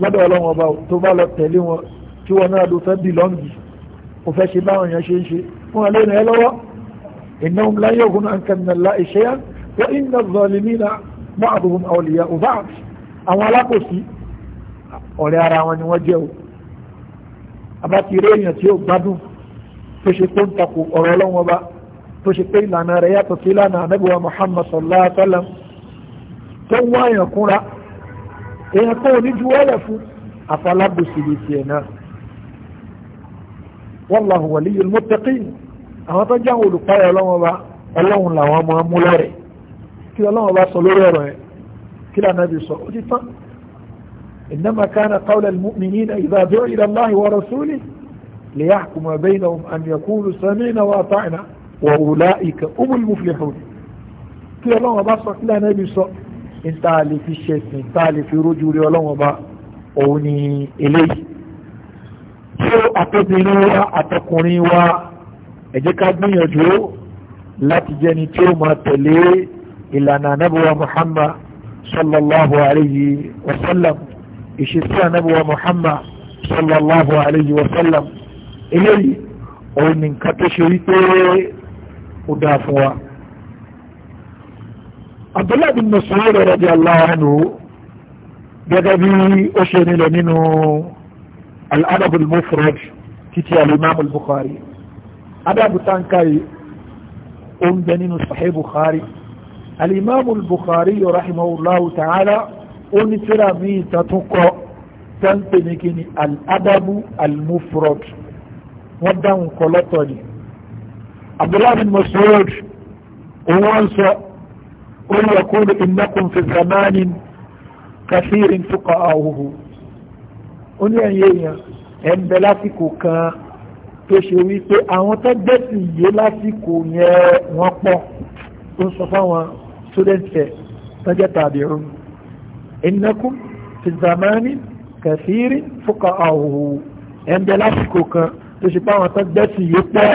lọ́dọ̀ ọlọ́wọ́n لهم tó bá lọ tẹ̀lé wọn tí wọn náà ló fẹ́ bí lọ́ngì kò fẹ́ ṣe báwọn èèyàn ṣe ń ṣe fún àlẹ́ ìrìn ẹ wọ́n iná zọlìmínà bá àbúrò ọ̀lìyà uvax àwọn alákòsí ọ̀rẹ́ ara wọn ni wọ́n jẹ́ o abáti eré èèyàn tí ó gbádùn tó ṣe pé ń takò ọ̀rọ̀ ọlọ́wọ́n bá tó ṣe pé ìlànà rẹ̀ yàtọ̀ sí ìlànà anábìwá Muhammad sallallahu alaihi wa sallam tó ń wá èèyàn kúnra èèyàn tó ní ju wọ́lẹ̀ fún àfalábòsí lè tiẹ̀ náà wallahu waliyul muttaqin àwọn tó jẹ́ àwọn olùpáyà ọlọ́wọ́n bá ọlọ́run làwọn ọmọ amúlọ́rẹ̀ẹ́ kí ọlọ́run bá sọ lórí ọ̀rọ̀ yẹn kí lànà bí sọ ó ti tán إنما كان قول المؤمنين إذا دعوا إلى الله ورسوله ليحكم بينهم أن يقولوا سمعنا وأطعنا وأولئك هم المفلحون kí ọlọ́run ọba sọ kílẹ̀ náà ibi sọ níta lè fi ṣẹ̀sìn níta lè fi rójú rí ọlọ́run ọba òun ni eléyìí tí ó àtọ́bìnrin wa àtọkùnrin wa ẹ ká gbìyànjú láti jẹni tí ó máa tẹ̀lé إلا أن نبوة محمد صلى الله عليه وسلم إشتها نبوة محمد صلى الله عليه وسلم إلي ومن كتشريته ودافوا عبد الله بن مسعود رضي الله عنه بأدبي أشهر لمنه الأدب المفرد كتي الإمام البخاري أدب تانكاي أم بنين صحيح بخاري الإمام البخاري رحمه الله تعالى أنسر مي تتقى تنتنكني الأدب المفرد ودعون قلطني عبد الله بن مسعود وانسى قل يقول إنكم في زمان كثير فقاؤه oníyàn yẹn ẹn bẹ lásìkò kan tó ṣe wípé àwọn tó gbẹ̀sìn yé lásìkò yẹn wọ́n pọ̀ tó ń sọ fáwọn students ẹ̀ tọ́jẹ́ tàbí rú innakum fi zamani kẹfìrí fúkà àwòwò ẹ̀ńbẹ́ lásìkò kan tó ṣe páwọn tó gbẹ́sì yìí pọ̀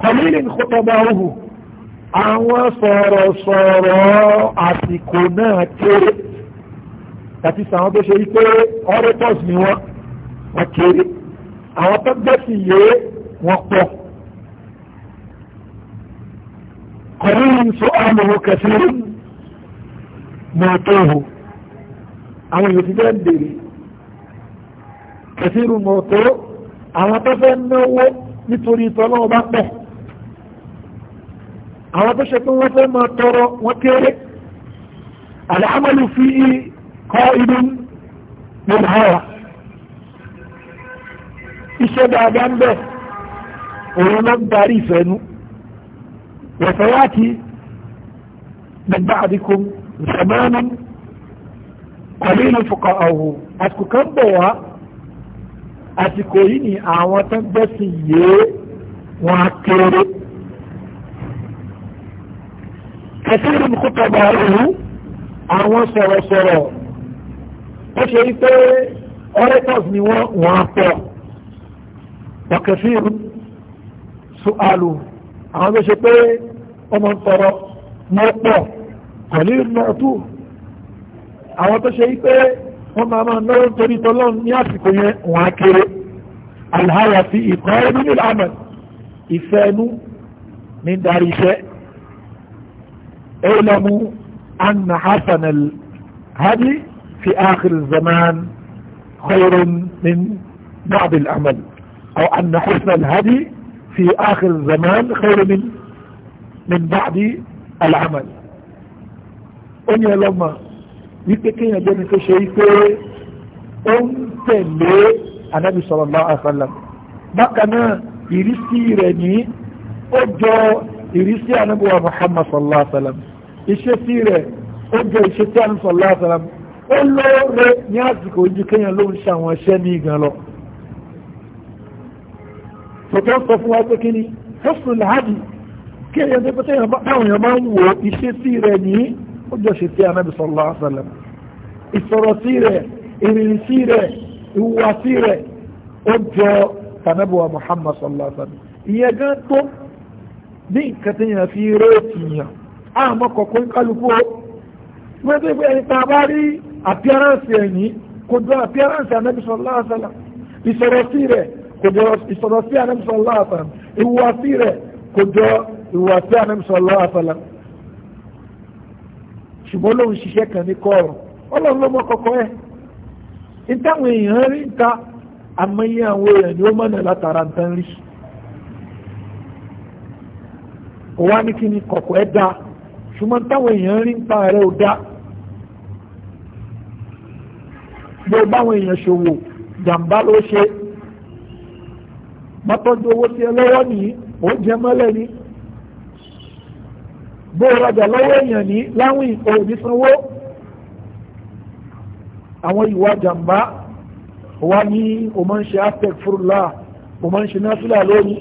kọlílìn kótọ́bá òhù àwọn sọ̀rọ̀sọ̀rọ̀ àsìkò náà kéré àti sàwọn tó ṣe yí pé orators ni wọ́n wọ́n kéré àwọn tó gbẹ́sì yìí wọ́n pọ̀ قرين سؤاله كثير معطوه عن الاتدان ديري كثير معطوه على تفنه نتوري طلابة به على تشك الله فما ترى وكيرك العمل فيه قائد من هوا إشبع جنبه ولم تعرفه وسيأتي من بعدكم زمان قليل فقاءه àsìkò kan bọ̀ wá àsìkò yìí ni àwọn tó ń gbẹ́sìn yìí wọn á kéré kẹsìrì mùkútàbà ìlú àwọn sọ̀rọ̀sọ̀rọ̀ ó ṣe yí pé orators ni wọ́n wọ́n á pọ̀ wọ́n kẹsìrì sùn àlù على شبايه ومن طرق موقع قليل مأتوه على شبايه هم امان نرم تريد الله نياسكم واكره الهوى في إقارب العمل إثانوا من دار شيء اعلموا أن حسن الهدي في آخر الزمان خير من بعض الأمل أو أن حسن الهدي في آخر الزمان خير من من بعد العمل ó ní ọlọ́mọ wípé kéèyàn jẹ́ni tó ṣe wípé ó ń tẹ̀lé anábì sallallahu alaihi wasallam bákan náà ìrísí rẹ̀ ní ó jọ ìrísí anábì wa Muhammad sallallahu alaihi wasallam ìṣesí rẹ̀ ó jọ ìṣesí anábì sallallahu alaihi wasallam ó lóore ní àsìkò ojú kéèyàn ló ń ṣe àwọn iṣẹ́ ní ìgan lọ tòtí wọ́n sọ fún wa pé kí ni hosùn làádì kí èèyàn tó pété àwọn èèyàn máa ń wo ìṣesí rẹ̀ ní ó jọ ṣe sí anábì sọlá sọlá ìsọ̀rọ̀ sí rẹ̀ ìrìn sí rẹ̀ ìwà sí rẹ̀ ó jọ tànábì wa Muhammad sọlá sọlá ìyẹn gan tó ní nǹkan tí yẹn fi réètì yàn àmọ́ kọ̀kọ́ kálukú ó wọ́n pé ẹni tá a bá rí àpíáránsì ẹ̀yìn kò jọ àpíáránsì kò jọ ìsọ̀rọ̀ sí Ànábì sallallahu alaihi wasallam ìhùwàsí rẹ̀ kò jọ ìhùwàsí Ànábì sallallahu o wasallam ṣùgbọ́n lóun ṣiṣẹ́ kan ní kọ́ọ̀rọ̀ ọlọ́run ló mọ kọ́kọ́ ẹ̀ ìtàwọn èèyàn rí nǹkan àmọ́yé àwọn èèyàn ni ó mọ̀nà látara nǹkan rí kò wá ní kí ni kọ̀kọ́ ẹ̀ dáa ṣùgbọ́n táwọn èèyàn rí nǹkan rẹ̀ ò dáa bí o báwọn èèyàn ṣòwò jàǹbá ló ṣe mọ́tọ́jú owó tí ẹ lọ́wọ́ nìyí ó jẹ mọ́lẹ̀ ní bó rajà lọ́wọ́ èèyàn ní láwìn òní sanwó àwọn ìwà jàǹbá wá ní o máa ń ṣe aztec fúrúlá o máa ń ṣe náfìlà lóru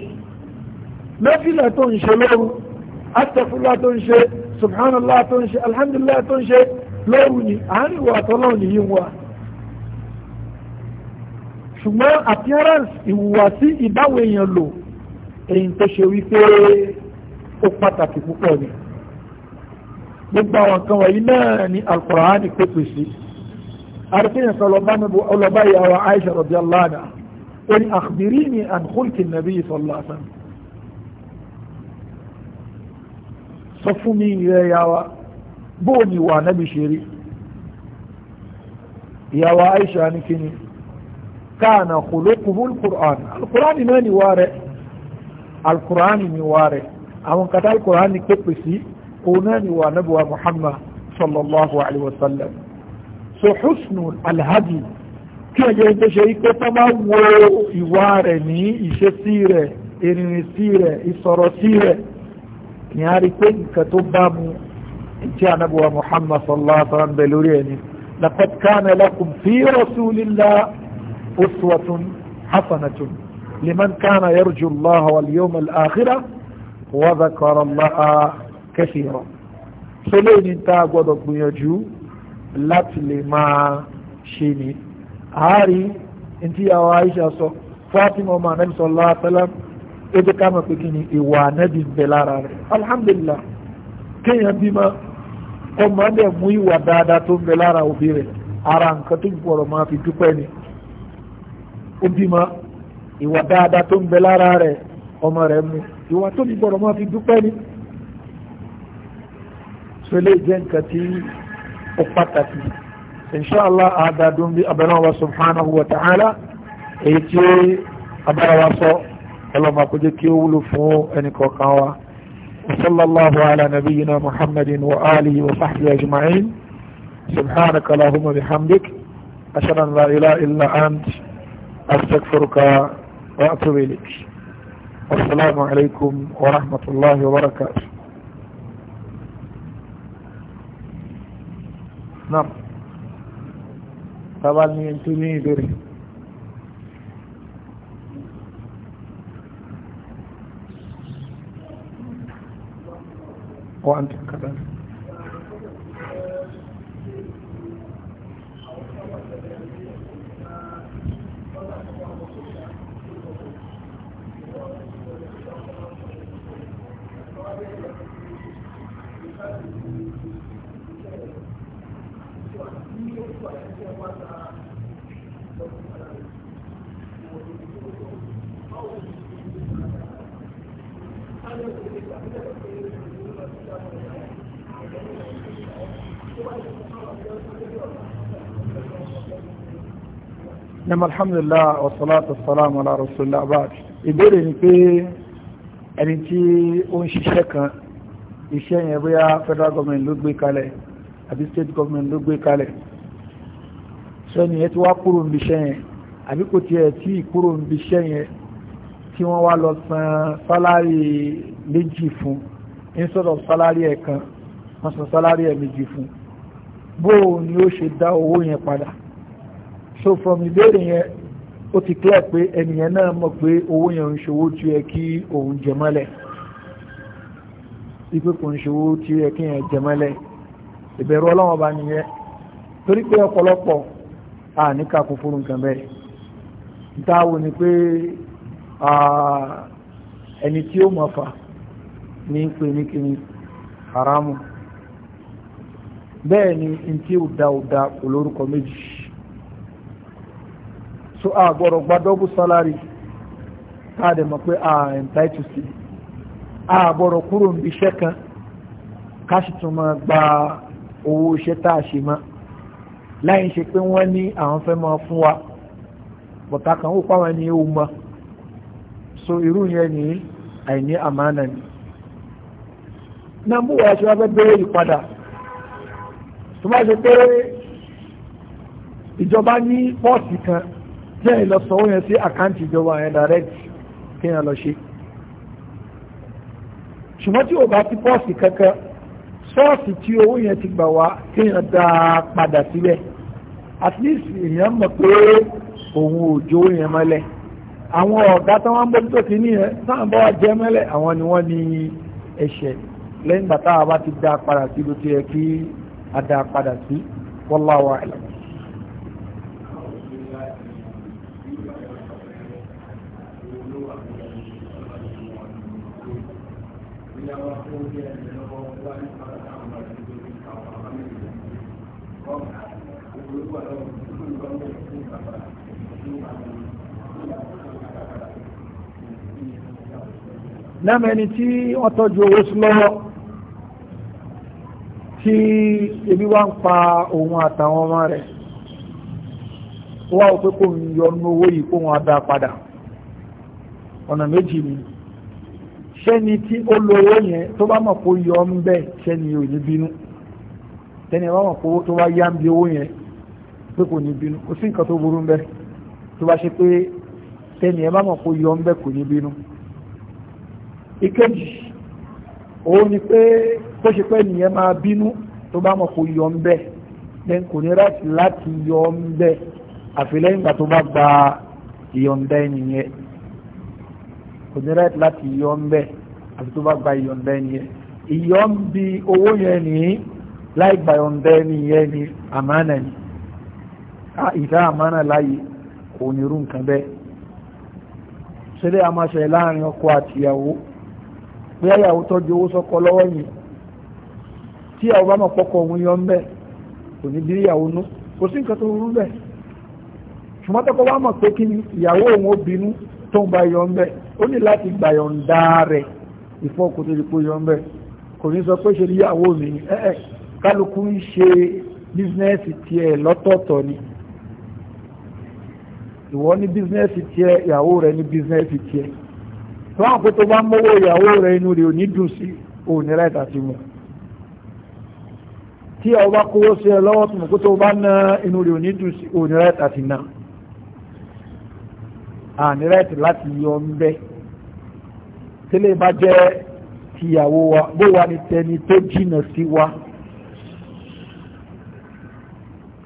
náfìlà tó ń ṣe lóru aztec fúrúlá tó ń ṣe subhanallah tó ń ṣe alhamdulillah tó ń ṣe lóru ní àárín ìwà àtọ́lọ́run nìyí wa ṣùgbọ́n appearance ìhùwàsí ìbáwọ̀ èèyàn lò èyí tó ṣe wípé ó pàtàkì púpọ̀ ni gbogbo àwọn kan wọ̀nyí náà ni Al-Qur'ani pèpè sí àrífẹ́yìn ọlọ́bá ìyàwó Aisha radiyallahu anha ó ní akhbirini an khulqi an-nabi sọ fún mi ìrẹ́ yàwá bóò ni wà nábi ṣe rí ìyàwó Aisha ní kíni kana khuluquhul qur'an alqur'an náà ni wà rẹ̀ alqur'an ni wà rẹ̀ àwọn kata alqur'an ni pépè sí òun náà ni wà nabuwa muhammad sallallahu alaihi wa sallam so husnul alhadi kí ẹjẹ́ tó ṣe ipé tó máa wo ìwà rẹ̀ ní ìṣesí rẹ̀ ìrìnrìnsí rẹ̀ ìsọ̀rọ̀sí rẹ̀ ní a rí pé nǹkan tó bá mu ìjẹ́ anábọ̀wá muhammad sallallahu alaihi wa sallam bẹ̀ laqad kana lakum fi rasulillah أسوة حسنة لمن كان يرجو الله واليوم الآخرة وذكر الله كثيرا سلين انتا قدق بيجو لاتلي ما شيني هاري انتي يا عائشة فاطمة مع النبي صلى الله عليه وسلم ebe ká mọ̀ pé kí ni ìwà ànábì ń bẹ lára rẹ̀ alhamdulillah kéèyàn bímọ ọmọ ẹ̀ mú ìwà dáadáa tó ó bímọ ìwà dáadáa tó ń bẹ lára rẹ̀ ọmọ rẹ̀ mu ìwà tó ní gbọ́dọ̀ máa fi dúpẹ́ ni so lè jẹ́ nǹkan tí ó pàtàkì inṣáàlá àdàdùn bí abẹ́lẹ́wà subhanahu wa ta'ala èyí tí abẹ́rẹ́wà sọ ọlọ́mọ kó jẹ́ kí ó wúlò fún ẹnì kọ̀ọ̀kan wa وصلى الله على نبينا محمد وآله وصحبه أجمعين سبحانك اللهم بحمدك أشهد أن لا إله إلا أنت أستغفرك وأتوب إليك والسلام عليكم ورحمة الله وبركاته نعم طبعا ينتمي بري وأنتم كذلك nam alhamdulillah wa salatu wa salam ala rasulillah abad ìbéèrè ni pé ẹni tí ó ń ṣiṣẹ́ kan iṣẹ́ yẹn bóyá federal government ló gbé kalẹ̀ àbí state government ló gbé kalẹ̀ sẹ́ni ẹ ti wá kúrò níbi iṣẹ́ yẹn àbí kò tiẹ̀ tí kúrò níbi iṣẹ́ yẹn tí wọ́n wá lọ san sálárì méjì fún instead of sálárì ẹ̀ kan wọ́n san sálárì ẹ̀ méjì fún bóò ni ó ṣe dá owó yẹn padà so from ìbéèrè yẹn ó ti clear pé ẹnìyẹn náà mọ̀ pé owó yẹn ń ṣòwò tí yẹ kí òun jẹ mọ́lẹ̀ ipe kò ń ṣòwò tí yẹ kí yẹn jẹ mọ́lẹ̀ ìbẹ̀rù ọlọ́wọ́n bá nìyẹn torí pé ọ̀pọ̀lọpọ̀ àníkà kò fún nǹkan bẹ́ẹ̀ ìtaàwò ni pé ẹni tí ó mọ̀ fà ní ń pè ní kíni haramu bẹ́ẹ̀ ni n tí ò da ò da olórúkọ méjì so a gbọ́dọ̀ gba dọ́bù sálárì káàdì mọ̀ pé a ẹ̀ǹtáìtù sí a gbọ́dọ̀ kúrò níbi iṣẹ́ kan káṣìtùmọ̀ gba owó iṣẹ́ tá a ṣe mọ́ láì ṣe pé wọ́n ní àwọn fẹ́ máa fún wa bọ̀tà kan ó pàwọn ní ewu mọ́ so irú yẹn ní àìní àmánà ni náà mú wa ṣe wá fẹ́ bẹ́ẹ̀ ìpadà tó bá ṣe pé ìjọba ní pọ́ọ̀sì kan jẹ́ ìlọsọ̀wọ́ yẹn sí àkáǹtì ìjọba yẹn direct kí yẹn lọ ṣe ṣùgbọ́n tí ò bá ti pọ́ọ̀sì kankan sọ́ọ̀sì tí owó yẹn ti gbà wá kéèyàn dá a padà síbẹ̀ at least èèyàn mọ̀ pé òun ò jó yẹn mọ́lẹ̀ àwọn ọ̀gá tó wọ́n bójútó kí ní yẹn sáà bọ́ wa jẹ́ mọ́lẹ̀ àwọn ni wọ́n ní ẹ̀ṣẹ̀ lẹ́yìn bàtà wa bá ti dá a padà sí ló ti yẹ kí a dá padà sí wallahu a'lam. náà ẹni tí wọ́n tọ́jú owó sí lọ́wọ́ tí ebi wá ń pa òun àtàwọn ọmọ rẹ̀ wá òpé kò ń yọnu owó yìí kó wọn dá padà ọ̀nà méjì ni ṣẹ́ni tí ó lo owó yẹn tó bá mọ̀ kó yọ ń bẹ̀ ṣẹ́ni ò ní bínú tẹ́ni bá mọ̀ kó tó bá yá ń bi owó yẹn pé kò ní bínú kò sí nǹkan tó burú ń bẹ̀ tó bá ṣe pé tẹ́ni ẹ bá mọ̀ kó yọ ń bẹ̀ kò ní bínú ìkejì òun ni pé tó ṣe pé nìyẹn máa bínú tó bá mọ̀ kò yọ ń bẹ́ẹ̀ then kò ní láti láti yọ ń bẹ́ẹ̀ àfilẹ́yìn ìgbà tó bá gba ìyọ̀ǹda ẹnìyẹn kò ní láti láti yọ ń bẹ́ẹ̀ àfi tó bá gba ìyọ̀ǹda ẹnìyẹn ìyọ́ ń bi owó yẹn nìyí láì gba ìyọ̀ǹda ẹnìyẹn ni àmánà ni ìfẹ́ àmánà láàyè kò ní rú nǹkan bẹ́ẹ̀ ṣẹlẹ̀ àmàṣẹ láàrin ọkọ àtìyàwó bí ayàwó tọ́jú owó sọ́kọ lọ́wọ́ yìí tí àwọn bá mọ̀ pọ́kọ̀ òun yọ ń bẹ̀ kò ní bí ìyàwó nú kò sí nǹkan tó rú bẹ̀ ṣùgbọ́n tọ́kọ wá mọ̀ pé kí ni ìyàwó òun ó bínú tó ń bá yọ ń bẹ̀ ó ní láti gbàyọ̀ǹda rẹ̀ ìfọ́kù tó dìpò yọ ń bẹ̀ kò ní sọ pé ṣe ìyàwó mi ẹ̀ẹ́ kálukú ń ṣe bísínẹ́sì tiẹ̀ lọ́tọ̀ọ̀tọ̀ ni ìwọ ní bísínẹ́sì tiẹ̀ ìyàwó wọ́n kó tó bá mọ́wọ́ ìyàwó rẹ̀ inú rẹ̀ ò ní dùn sí òní láìta ti mọ̀ tí ọ bá kówó sí ẹ lọ́wọ́ tó mọ̀ kó tó bá ná inú rẹ̀ ò ní dùn sí òní láìta ti ná àní láìta láti yọ ń bẹ́ tẹ́lẹ̀ bá jẹ́ tìyàwó wa bó wa ni tẹni tó jìnà sí wa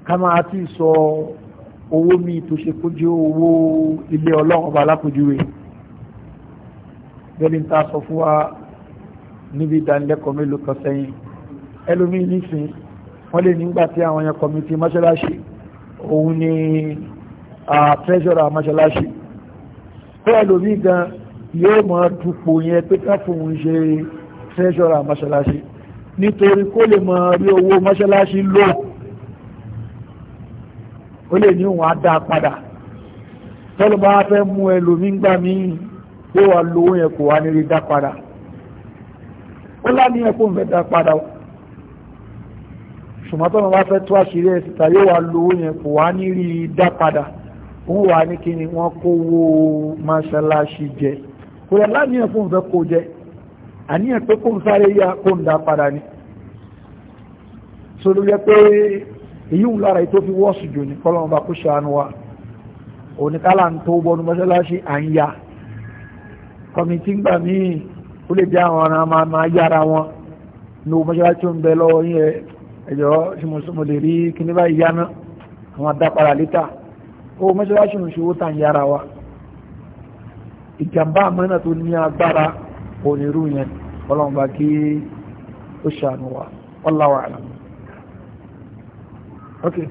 ká máa ti sọ owó mi tó ṣe kó jẹ́ owó ilé ọlọ́run ọba alákòjúwe gẹ́lí ta sọ fún wa níbi ìdánilẹ́kọ̀ọ́ mélòó kan sẹ́yìn ẹlòmíì nísìn wọ́n lè nígbà tí àwọn yẹn kọmitì mọ́ṣáláṣí òun ni treasurer mọ́ṣáláṣí tó ẹlòmíì gan yóò mọ̀ dupò yẹn pé ká fòun ṣe treasurer mọ́ṣáláṣí nítorí kó lè mọ̀ rí owó mọ́ṣáláṣí lò ó lè ní òun á dá padà tọ́lọ́ bá fẹ́ mú ẹlòmíì gbà míì yóò wá lówó yẹn kò wá ní rí dá padà ó láàní yẹn kó ń fẹ́ dá padà o ṣùgbọ́n tó wọn bá fẹ́ tó àṣírí ẹ̀ síta yóò wá lówó yẹn kò wá ní rí dá padà wọ́n wà ní kí ni wọ́n kówó mọ́ṣáláṣí jẹ kò yẹ láàní yẹn kó ń fẹ́ kó jẹ àníyàn pé kó ń sáré yá kó ń dá padà ni sórí yẹ pé èyí ń lára ètò fi wọ́ọ̀sì jù ní kọ́lọ́mọba kó ṣàánú wa òníkálà ń tó bọ́nu mọ́ṣáláṣí à ń ya kọ̀mìtì gbà míì ó lè jẹ́ àwọn ará máa máa yára wọn ní o mọ́ṣára tí ó ń bẹ lọ́wọ́ yín ẹ ẹ̀yọ́ tí mo lè rí kíní báyìí yáná àwọn adápara lítà ó mọ́ṣára tí òun ṣòwò tàn yára wa ìjàmbá àmọ́nà tó ní agbára onírú yẹn ọlọ́run bá kí ó ṣàánú wa wallahu a'lam okay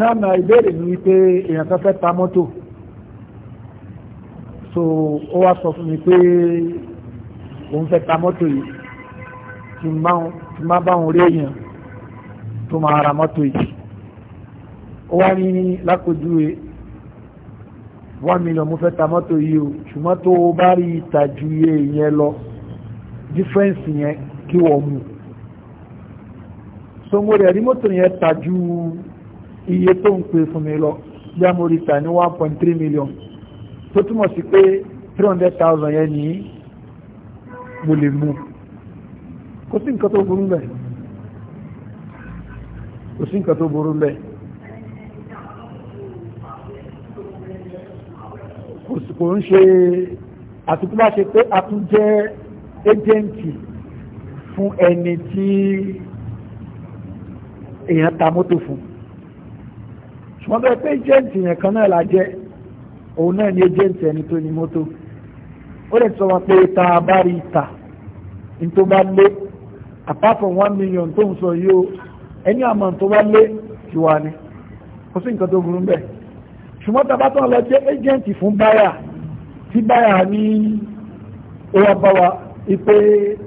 náà na ìbéèrè ní wípé èèyàn kan fẹ́ ta mọ́tò so ó wá sọ fún mi pé òun fẹ́ ta mọ́tò yìí tí má bá òun rí èèyàn tó máa ra mọ́tò yìí ó wá ní lákòjúwe one million mo fẹ́ ta mọ́tò yìí o ṣùgbọ́n tó o bá rí ìta ju iye yẹn lọ difference yẹn kí wọ́n mú so mo rẹ̀ rí mọ́tò yẹn ta ju iye tó ń pè fún mi lọ bí a mo rí ta ní one million tó túmọ̀ sí pé three hundred thousand yẹn ní mo lè mú kò sí nǹkan tó burú bẹ́ẹ̀ kò sí nǹkan tó burú bẹ́ẹ̀ kò ń ṣe àti tó bá ṣe pé a tún jẹ́ ẹ́jẹ̀ǹtì fún ẹni tí èèyàn ta mọ́tò fún ṣùgbọ́n bẹ́ẹ̀ pé agent yẹn kan náà la jẹ́ òun náà ni agent ẹni tó ní mọ́tò ó lè sọ wọn pé ta bá rí ta ní bá lé apart from one million tó ń sọ yìí o ẹni àmọ́ tó bá lé ti wà ní kò sí nǹkan tó burú bẹ́ẹ̀ ṣùgbọ́n tá a bá tán lọ jẹ́ agent fún báyà tí báyà ní ó bá wa ipe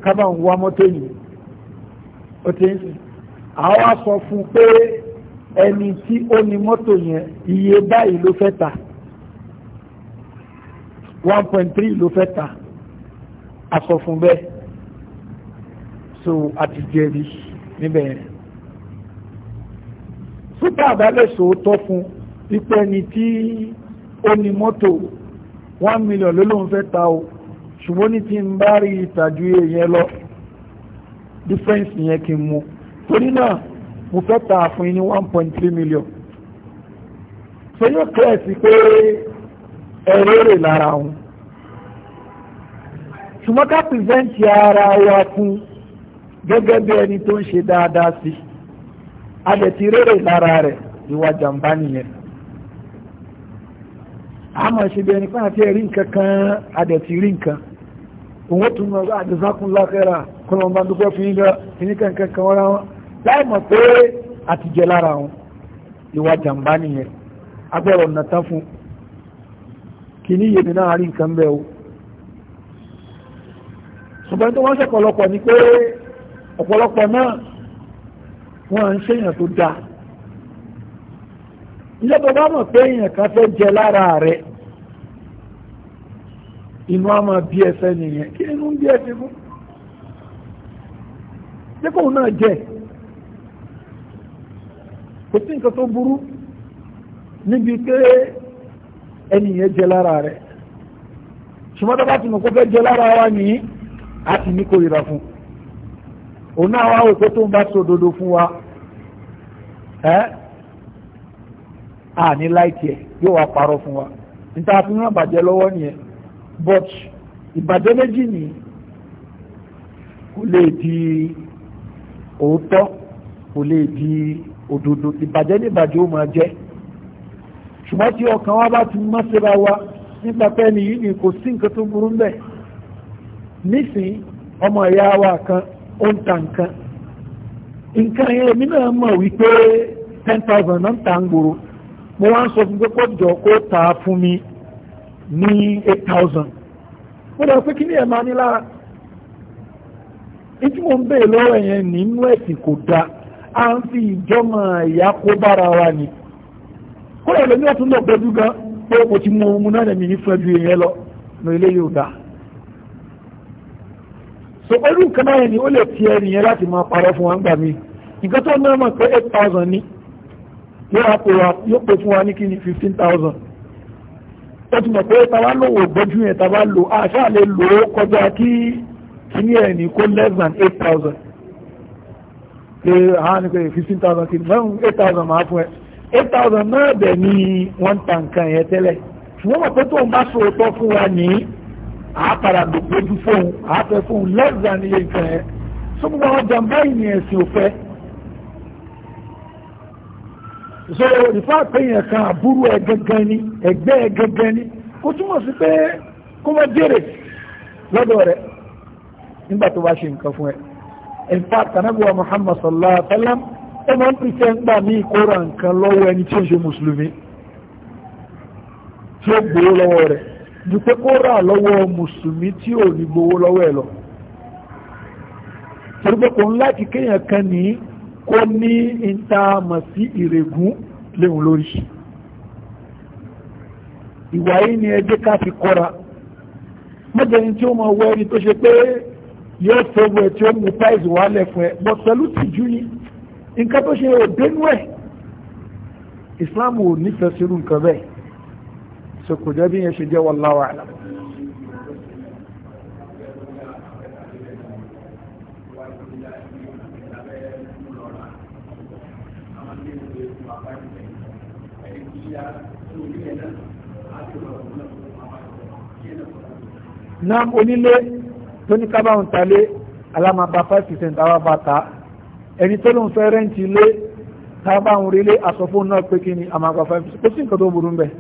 kábà ń wá mọ́tò yìí ó ti ń sìn àwa sọ fún pé ẹni tí ó ní mọ́tò yẹn iye báyìí ló fẹ́ ta one point three ló fẹ́ ta aṣọ fún bẹ́ẹ̀ so àti jẹ̀bi níbẹ̀ yẹn súpà àbálẹ̀sọ tọ́ fún pípẹ́ ẹni tí ó ní mọ́tò one million ló lóun fẹ́ ta o ṣùgbọ́n ní ti ń bá rí ìtàjú yẹn lọ difference yẹn kì í mú torí náà mo fẹ́ ta fún ní one million ṣe yóò kẹ́ sí pé ẹ̀rọ rè lára wọn ṣùgbọ́n ká pìrìsẹ́ǹtì ara wa fún gẹ́gẹ́ bí ẹni tó ń ṣe dáadáa sí a lè ti rèrè lára rẹ̀ ìwà jàǹbá nìyẹn àmọ́ ṣe bí ẹni pé àti ẹ̀rí nǹkan kan a rí nǹkan òun ó tún mọ̀ àdìsákùnlákẹ́ra kọlọ̀mbà dúpẹ́ fún yín gan kìnnìkan kankan wọ́n ra wọn. láì pé àtijọ́ lára wọn ìwà jàǹbá nìyẹn agbẹ́rọ̀ ọ̀nà tán fún kìíní yèmí náà rí nǹkan bẹ́ẹ̀ o ṣùgbọ́n tó wọ́n ṣẹ̀pọ̀lọpọ̀ ni pé ọ̀pọ̀lọpọ̀ náà wọ́n ń ṣèyàn tó dáa ilé tó bá mọ̀ pé èèyàn kan fẹ́ jẹ lára rẹ inú a máa bí ẹsẹ̀ nìyẹn kí inú kò sí nǹkan tó burú níbi pé ẹnìyẹn jẹ lára rẹ̀ ṣùgbọ́n bá ti mọ̀ wa nìyí a ti ní kórìíra fún òun náà wá òkú tó ń bá wa ẹ́ a ní láìkì ẹ̀ yóò wá parọ́ fún wa níta fi hàn bàjẹ́ lọ́wọ́ nìyẹn but ìbàjẹ́ méjì nìyí kò lè di òótọ́ kò lè di ododo ìbàjẹ́ ní ìbàjẹ́ ó máa jẹ́ ṣùgbọ́n tí ọkàn wa bá ti mọ́ síra wa nípa yìí ni kò sí nǹkan tó burú ń bẹ̀ nísìn ọmọ wa kan ó ń ta nǹkan nǹkan yẹn èmi náà mọ̀ wípé ten thousand náà ń ta ń gbòòrò mo wá ń sọ fún pé kó jọ kó ta fún mi ní eight thousand mo dẹ̀ pé kí ni ẹ̀ máa ní lára ń lọ́wọ́ nínú a ń fi ìjọmọ ìyá kó bára wa ni kúrò lómi ọ̀tún náà gbẹ́jú gan pé mo ti mú ohun náà lẹ́mí ní fẹ́ ju èèyàn lọ ní ilé yóò dá so olú nǹkan náà ni ó lè fi ẹni yẹn láti máa parọ́ fún wa ńgbà mi nǹkan tó náà mọ̀ pé eight thousand ni yóò pè fún wa ní kí ni fifteen thousand ó ti mọ̀ pé tàbá lòwò gbọ́jú yẹn tàbá lò àṣà lè lò ó kọjá kí kí ní ẹni kó less than eight thousand pé àwọn ní pé fifteen thousand kìíní mẹ́rin eight thousand máa fún ẹ eight thousand náà bẹ̀ ni wọ́n ń ta nǹkan yẹn tẹ́lẹ̀ ṣùgbọ́n mọ̀ pé tó ń bá sòótọ́ fún wa ní àápàdà gbogbo fóun àáfẹ́ fóun less than iye nǹkan yẹn tó gbogbo àwọn jàǹbá ìní ẹ̀sìn òfẹ́ so ìfá àpéyàn kan àbúrú ẹ̀ gẹ́gẹ́ ni ẹ̀gbẹ́ ẹ̀ gẹ́gẹ́ ni kò túmọ̀ sí pé kó wọ́n jèrè lọ́dọ̀ rẹ̀ nígbà tó bá ṣe nǹkan fún ẹ in fact anabiwa muhammad sallallahu alaihi wasallam ó máa ń pèsè ń gbà ní ìkóra nǹkan lọ́wọ́ ẹni tí ó ṣe mùsùlùmí tí ó gbowó lọ́wọ́ rẹ̀ ju pé kó lọ́wọ́ mùsùlùmí tí ò ní gbowó lọ́wọ́ ẹ̀ lọ torí pé kò ń láti kéèyàn kan ní kó ní ìtaàmọ̀ sí léhun lórí yóò fẹ́rù ẹ̀ tí ó mú táìsì wálẹ̀ fún ẹ bọ́ pẹ̀lú tìjú yìí nǹkan tó ṣe ò dénú ẹ̀ islam ò nífẹ̀ẹ́ sírú nǹkan bẹ́ẹ̀ so kò jẹ́ bí yẹn ṣe jẹ́ wallahu a'lam. nam onílé tó ní kábà ń talé alámàbá five percent àwọn bàtà ẹni tó lóun fẹ́ rẹ́ǹtì ilé kábà ń relé aṣọ fóun náà pé kí ni àmàgbà five percent kó sí nǹkan tó burú ń bẹ̀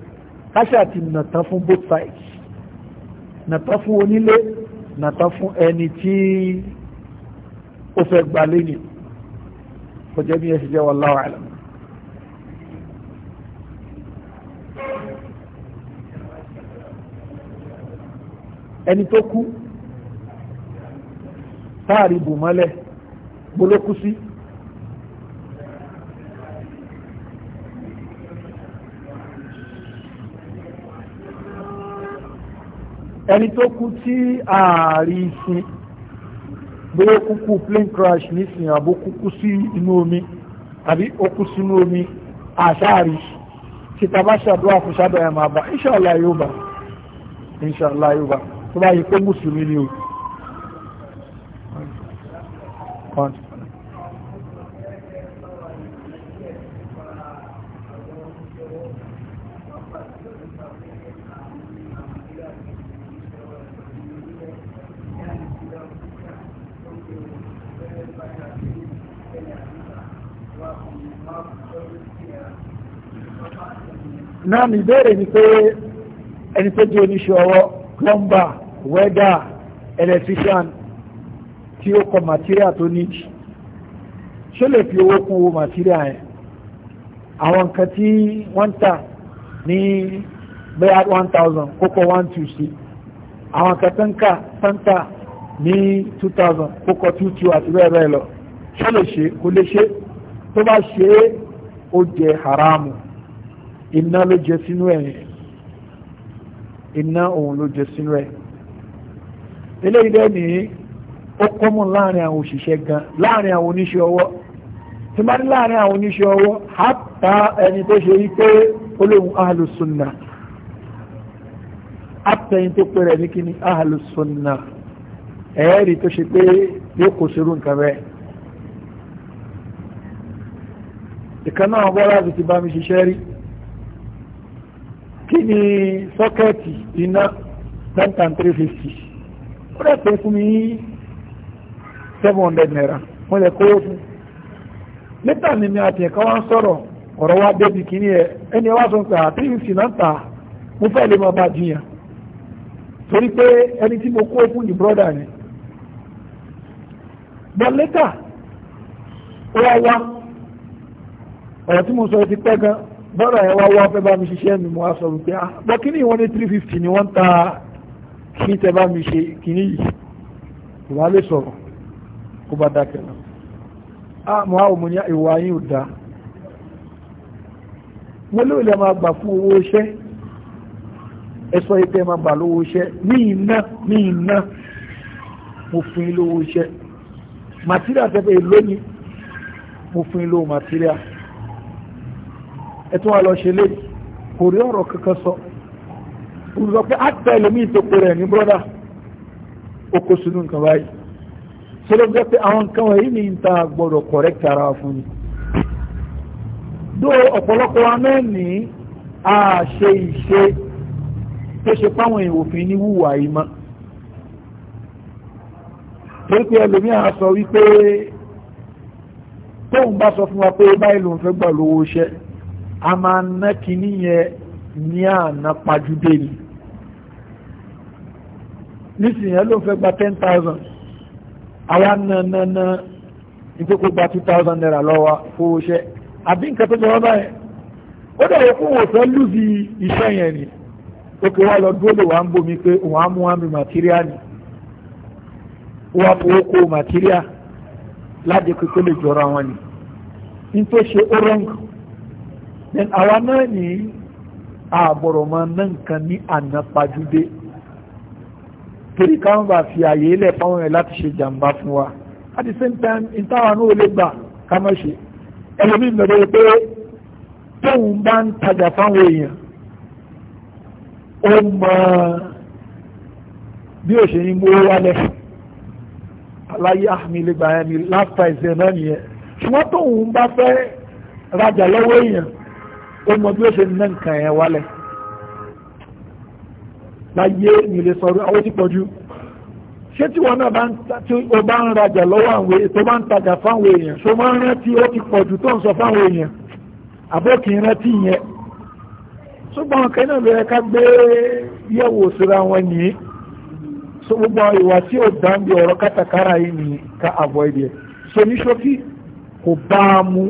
káṣà nàtà fún both sides nàtà fún onílé nàtà fún ẹni tí ó fẹ́ gbalé ni kò jẹ́ bí ẹ ṣe jẹ́ wallahu a'lam. ẹni tó kú táàrí bù mọ́lẹ̀ gbolókú sí ẹni tó kú tí ààrí sin bóyá kúkú plane crash nísìn àbó kúkú sí inú omi àbí ó kú sínú omi àṣáàrí títa bá ṣàdúrà fún ṣàdúrà ẹ̀ máa bá inṣàlá yóò bá inṣàlá yóò bá tó bá yẹ pé mùsùlùmí ni o. قال náà mi bẹ̀rẹ̀ ni pé ẹni tó jẹ́ oníṣẹ́ ọwọ́ plumber welder electrician tí ó kọ màtíríà tó níjì ṣó lè fi owó kún owó màtíríà yẹn àwọn nǹkan tí wọ́n ń tà ní bẹ́ẹ̀ one thousand kókó one two sí àwọn nǹkan tó ń kà tó ń tà ní two thousand kókó two two àti bẹ́ẹ̀ bẹ́ẹ̀ lọ ṣó lè ṣe kó lè ṣe tó bá ṣe é ó jẹ haramu iná ló jẹ sínú ẹ̀yìn iná òun ló jẹ sínú ẹ̀ eléyìí lẹ́nìí ó kọ́mọ̀ láàrin àwọn òṣìṣẹ́ gan láàrin àwọn oníṣẹ́ ọwọ́ tí bá ní láàrin àwọn oníṣẹ́ ọwọ́ hátà ẹni tó ṣe rí pé olóhun ahàlùsùnà àtẹ̀yìn tó pè rẹ̀ ní kí ni ahàlùsùnà ẹ̀ẹ́rì tó ṣe pé yóò kò ṣerú nǹkan rẹ̀ ìkan náà bọ́lá ti ti bá mi ṣiṣẹ́ rí kí ni sọ́kẹ́ẹ̀tì iná 10 ó rẹ̀ pé fún mi seven hundred naira mo lè kówó fún lẹ́tà ni mi àti ẹ̀ka wá ń sọ̀rọ̀ ọ̀rọ̀ wa débi kìíní ẹ̀ ẹni wá sọ pé àti ìfì náà ta mo fẹ́ lè máa bá jiyàn torí pé ẹni tí mo kó fún ní brọ́dà ni bọ́ lẹ́tà ó wá wá ọ̀rọ̀ tí mo sọ ti pẹ́ gan brọ́dà yẹn wá wá fẹ́ bá mi ṣiṣẹ́ mi mo wá sọ wípé ah bọ́ kí ni ìwọ́n ní three fifty ni wọ́n ń ta kí tẹ bá mi ṣe kìíní yìí kò lè sọ̀rọ̀ kó bá a mọ̀ àwọn ọmọ ní ìwà yín ò dá wọ́n ló lè máa gbà fún owó iṣẹ́ ẹ̀sọ́ ìpẹ́ máa gbà lówó iṣẹ́ ní iná ní iná mo fún yín lówó iṣẹ́ màtíríà tẹ́fẹ́ lónìí mo fún yín lówó màtíríà ẹ̀tún wa lọ ṣe lé kò rí ọ̀rọ̀ kankan sọ olùsọ pé á tẹ ní brọ́dà ó nǹkan báyìí ṣe ló jẹ́ pé àwọn nǹkan wọ̀nyí ní ìta gbọ́dọ̀ correct ara fún ni dó ọ̀pọ̀lọpọ̀ wa náà ní àṣe ìṣe tó ṣe páwọn òfin ní wùwà yìí mọ́ torí pé ẹlòmíà sọ wípé tóun bá sọ fún wa pé báyìí lòun fẹ́ gbà lówó iṣẹ́ a máa ná kinní yẹn ní àná pajúdé ni nísìnyẹn ló fẹ́ gba ten thousand awa nanana nítorí kó gba two thousand naira lọ́wọ́ fowó iṣẹ́ àbí nǹkan tó jọmọ́ báyẹn ó dẹ̀ yẹ kó wò fẹ́ ni Oke wá lọ dúró lè wá ń bomi pé òun á mú wá mi màtíríà ni wá fowó kó màtíríà láti pé kó lè jọra wọn ni ṣe ó àwa náà ní àbọ̀rọ̀ nǹkan torí káwọn bá fi àyè ilẹ̀ fáwọn rẹ̀ láti ṣe jàǹbá fún wa at the same time ìtawà náà ó lè gbà ká má ṣe ẹlòmíì mẹ́rẹ̀ pé tóun bá ń tajà fáwọn èèyàn ó mọ bí ó ṣe ń gbówó wálẹ̀ aláyé àmì lè gbà ẹni láfà ìṣẹ̀ náà nìyẹn ṣùgbọ́n tóun bá fẹ́ rajà lọ́wọ́ èèyàn ó mọ bí ó ṣe ń ná nǹkan ẹ̀ wálẹ̀ láyé nílé sọ̀rọ̀ àwọn ti pọ̀jù ṣé tí wọn náà bá ń rajà lọ́wọ́ àwọn èèyàn tó bá ń tajà fáwọn èèyàn ṣó máa ń rántí ó ti pọ̀jù tó ń sọ fáwọn èèyàn àbókì rántí yẹn ṣùgbọ́n ọ̀kẹ́ náà ló ká gbé yẹ̀wò síra wọn nìyí so gbogbo ìwà tí ó dáńbi ọ̀rọ̀ kátàkárà yìí ni ká avoid it so ní ṣókí kò bá a mú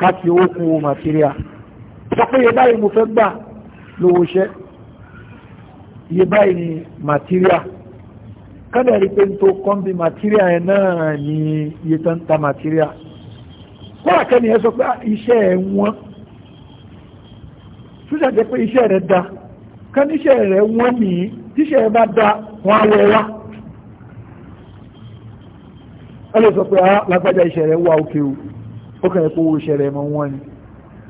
káàkiri okun material sọ pé yẹ báyìí mo fẹ́ gbà lówó iṣẹ́ iye báyìí ni material kádà rí pé n tó kọ́ńbì material yẹn náà ni iye tó ta material wọ́n àkẹ́ni yẹn sọ pé ah, iṣẹ́ ẹ̀ wọ́n túnṣà jẹ́ pé iṣẹ́ rẹ̀ da káníṣẹ́ rẹ̀ wọ́n ní tíṣẹ́ rẹ̀ bá da wọ́n á wẹ̀ wá ẹ lè sọ pé ah lágbájá iṣẹ́ rẹ̀ wà òkè o ó kàn yẹ kó owó iṣẹ́ rẹ̀ mọ́ wọ́n ni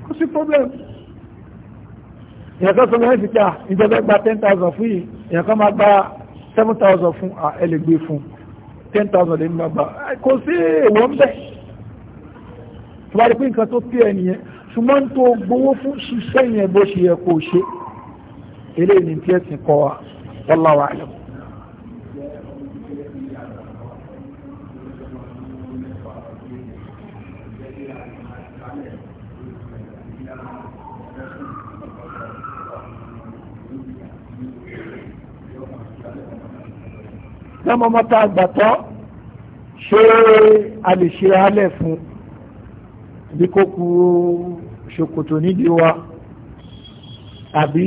kò sí problem èèyàn kan sọ lọ́wọ́ ah, ìjọba gba ten thousand fún yìí èèyàn máa gba seven thousand fún ah, ẹlẹgbẹ́ fún ten thousand lè máa gba kò sí èèwọ̀ ń bẹ̀ tó bá rí pé nǹkan tó pé ẹ nìyẹn ṣùgbọ́n tó gbowó fún ṣiṣẹ́ yẹn bó ṣe yẹ kó ṣe eléyìí ní tí ẹ̀sìn kọ́ wa wallahu a'lam. náà mọ́mọ́ tá a gbàtọ́ ṣé a lè ṣe alẹ́ fún bí kò kú ṣòkòtò nídìí wa àbí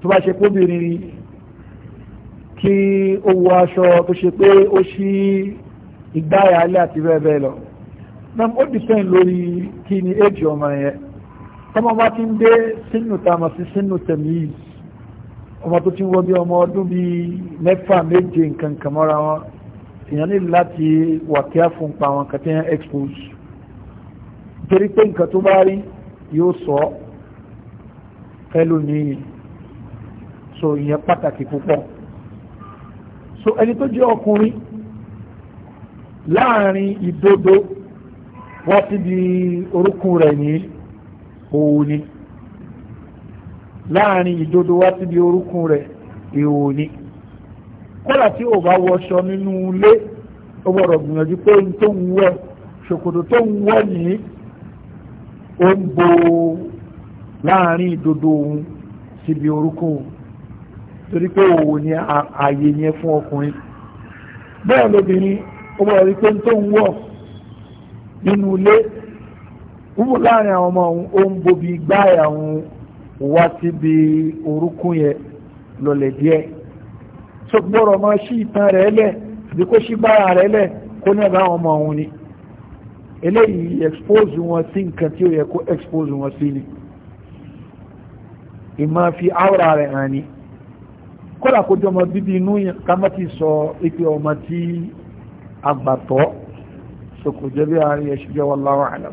tó bá ṣe kóbìnrin kí ó wọ aṣọ tó ṣe pé ó ṣí ìgbáyà alẹ́ àti bẹ́ẹ̀ lọ náà ó dìpẹ́ǹ lórí kí ni éjì ọmọ yẹn tọ́mọ bá ti ń dé sínú tàmọ̀ sí sínú tẹ̀mí yìí ọmọ tó ti wọ bí ọmọ ọdún bí mẹ́fà méje nǹkan kan mọ́ra wọn èèyàn ní láti wà kí á fún pa àwọn kan tí expose torí pé nǹkan tó bá rí yóò sọ ẹlòmíì so ìyẹn pàtàkì púpọ̀ so ẹni tó jẹ́ ọkùnrin láàrin ìdodo wá síbi orúkún rẹ̀ ní òun ni. Ouni láàrin ìdodo wá síbi orúkún rẹ̀ èèwò ni kọ́là tí ò bá wọṣọ nínú ilé ó gbọ́dọ̀ gbìyànjú pé n tó ń wọ̀ ṣòkòtò tó ń wọ̀ nìyí ó ń bo láàrin ìdodo òun síbi orúkún torí pé òwò ni ààyè yẹn fún ọkùnrin bẹ́ẹ̀ lóbìnrin ó gbọ́dọ̀ rí pé n tó ń wọ̀ nínú ilé wúwo láàrin àwọn ọmọ òun ó ń bobi gbáyà òun wá síbi orúkún yẹn lọlẹ̀ díẹ̀ tó gbọ́rọ̀ máa ṣí ìtàn rẹ̀ lẹ̀ bí kó ṣí bára rẹ̀ lẹ̀ kó ní ẹ̀bá ọmọ òun ni eléyìí expose wọn sí nǹkan tí ó yẹ kó expose wọn sí ni ìmọ̀ fi áwòrán rẹ̀ hàn ni kódà kó jọmọ bíbí inú yẹn ká má ti sọ ipe ọmọ tí àgbàtọ́ so kò àárín ẹ̀ṣin jẹ́ wallahu a'lam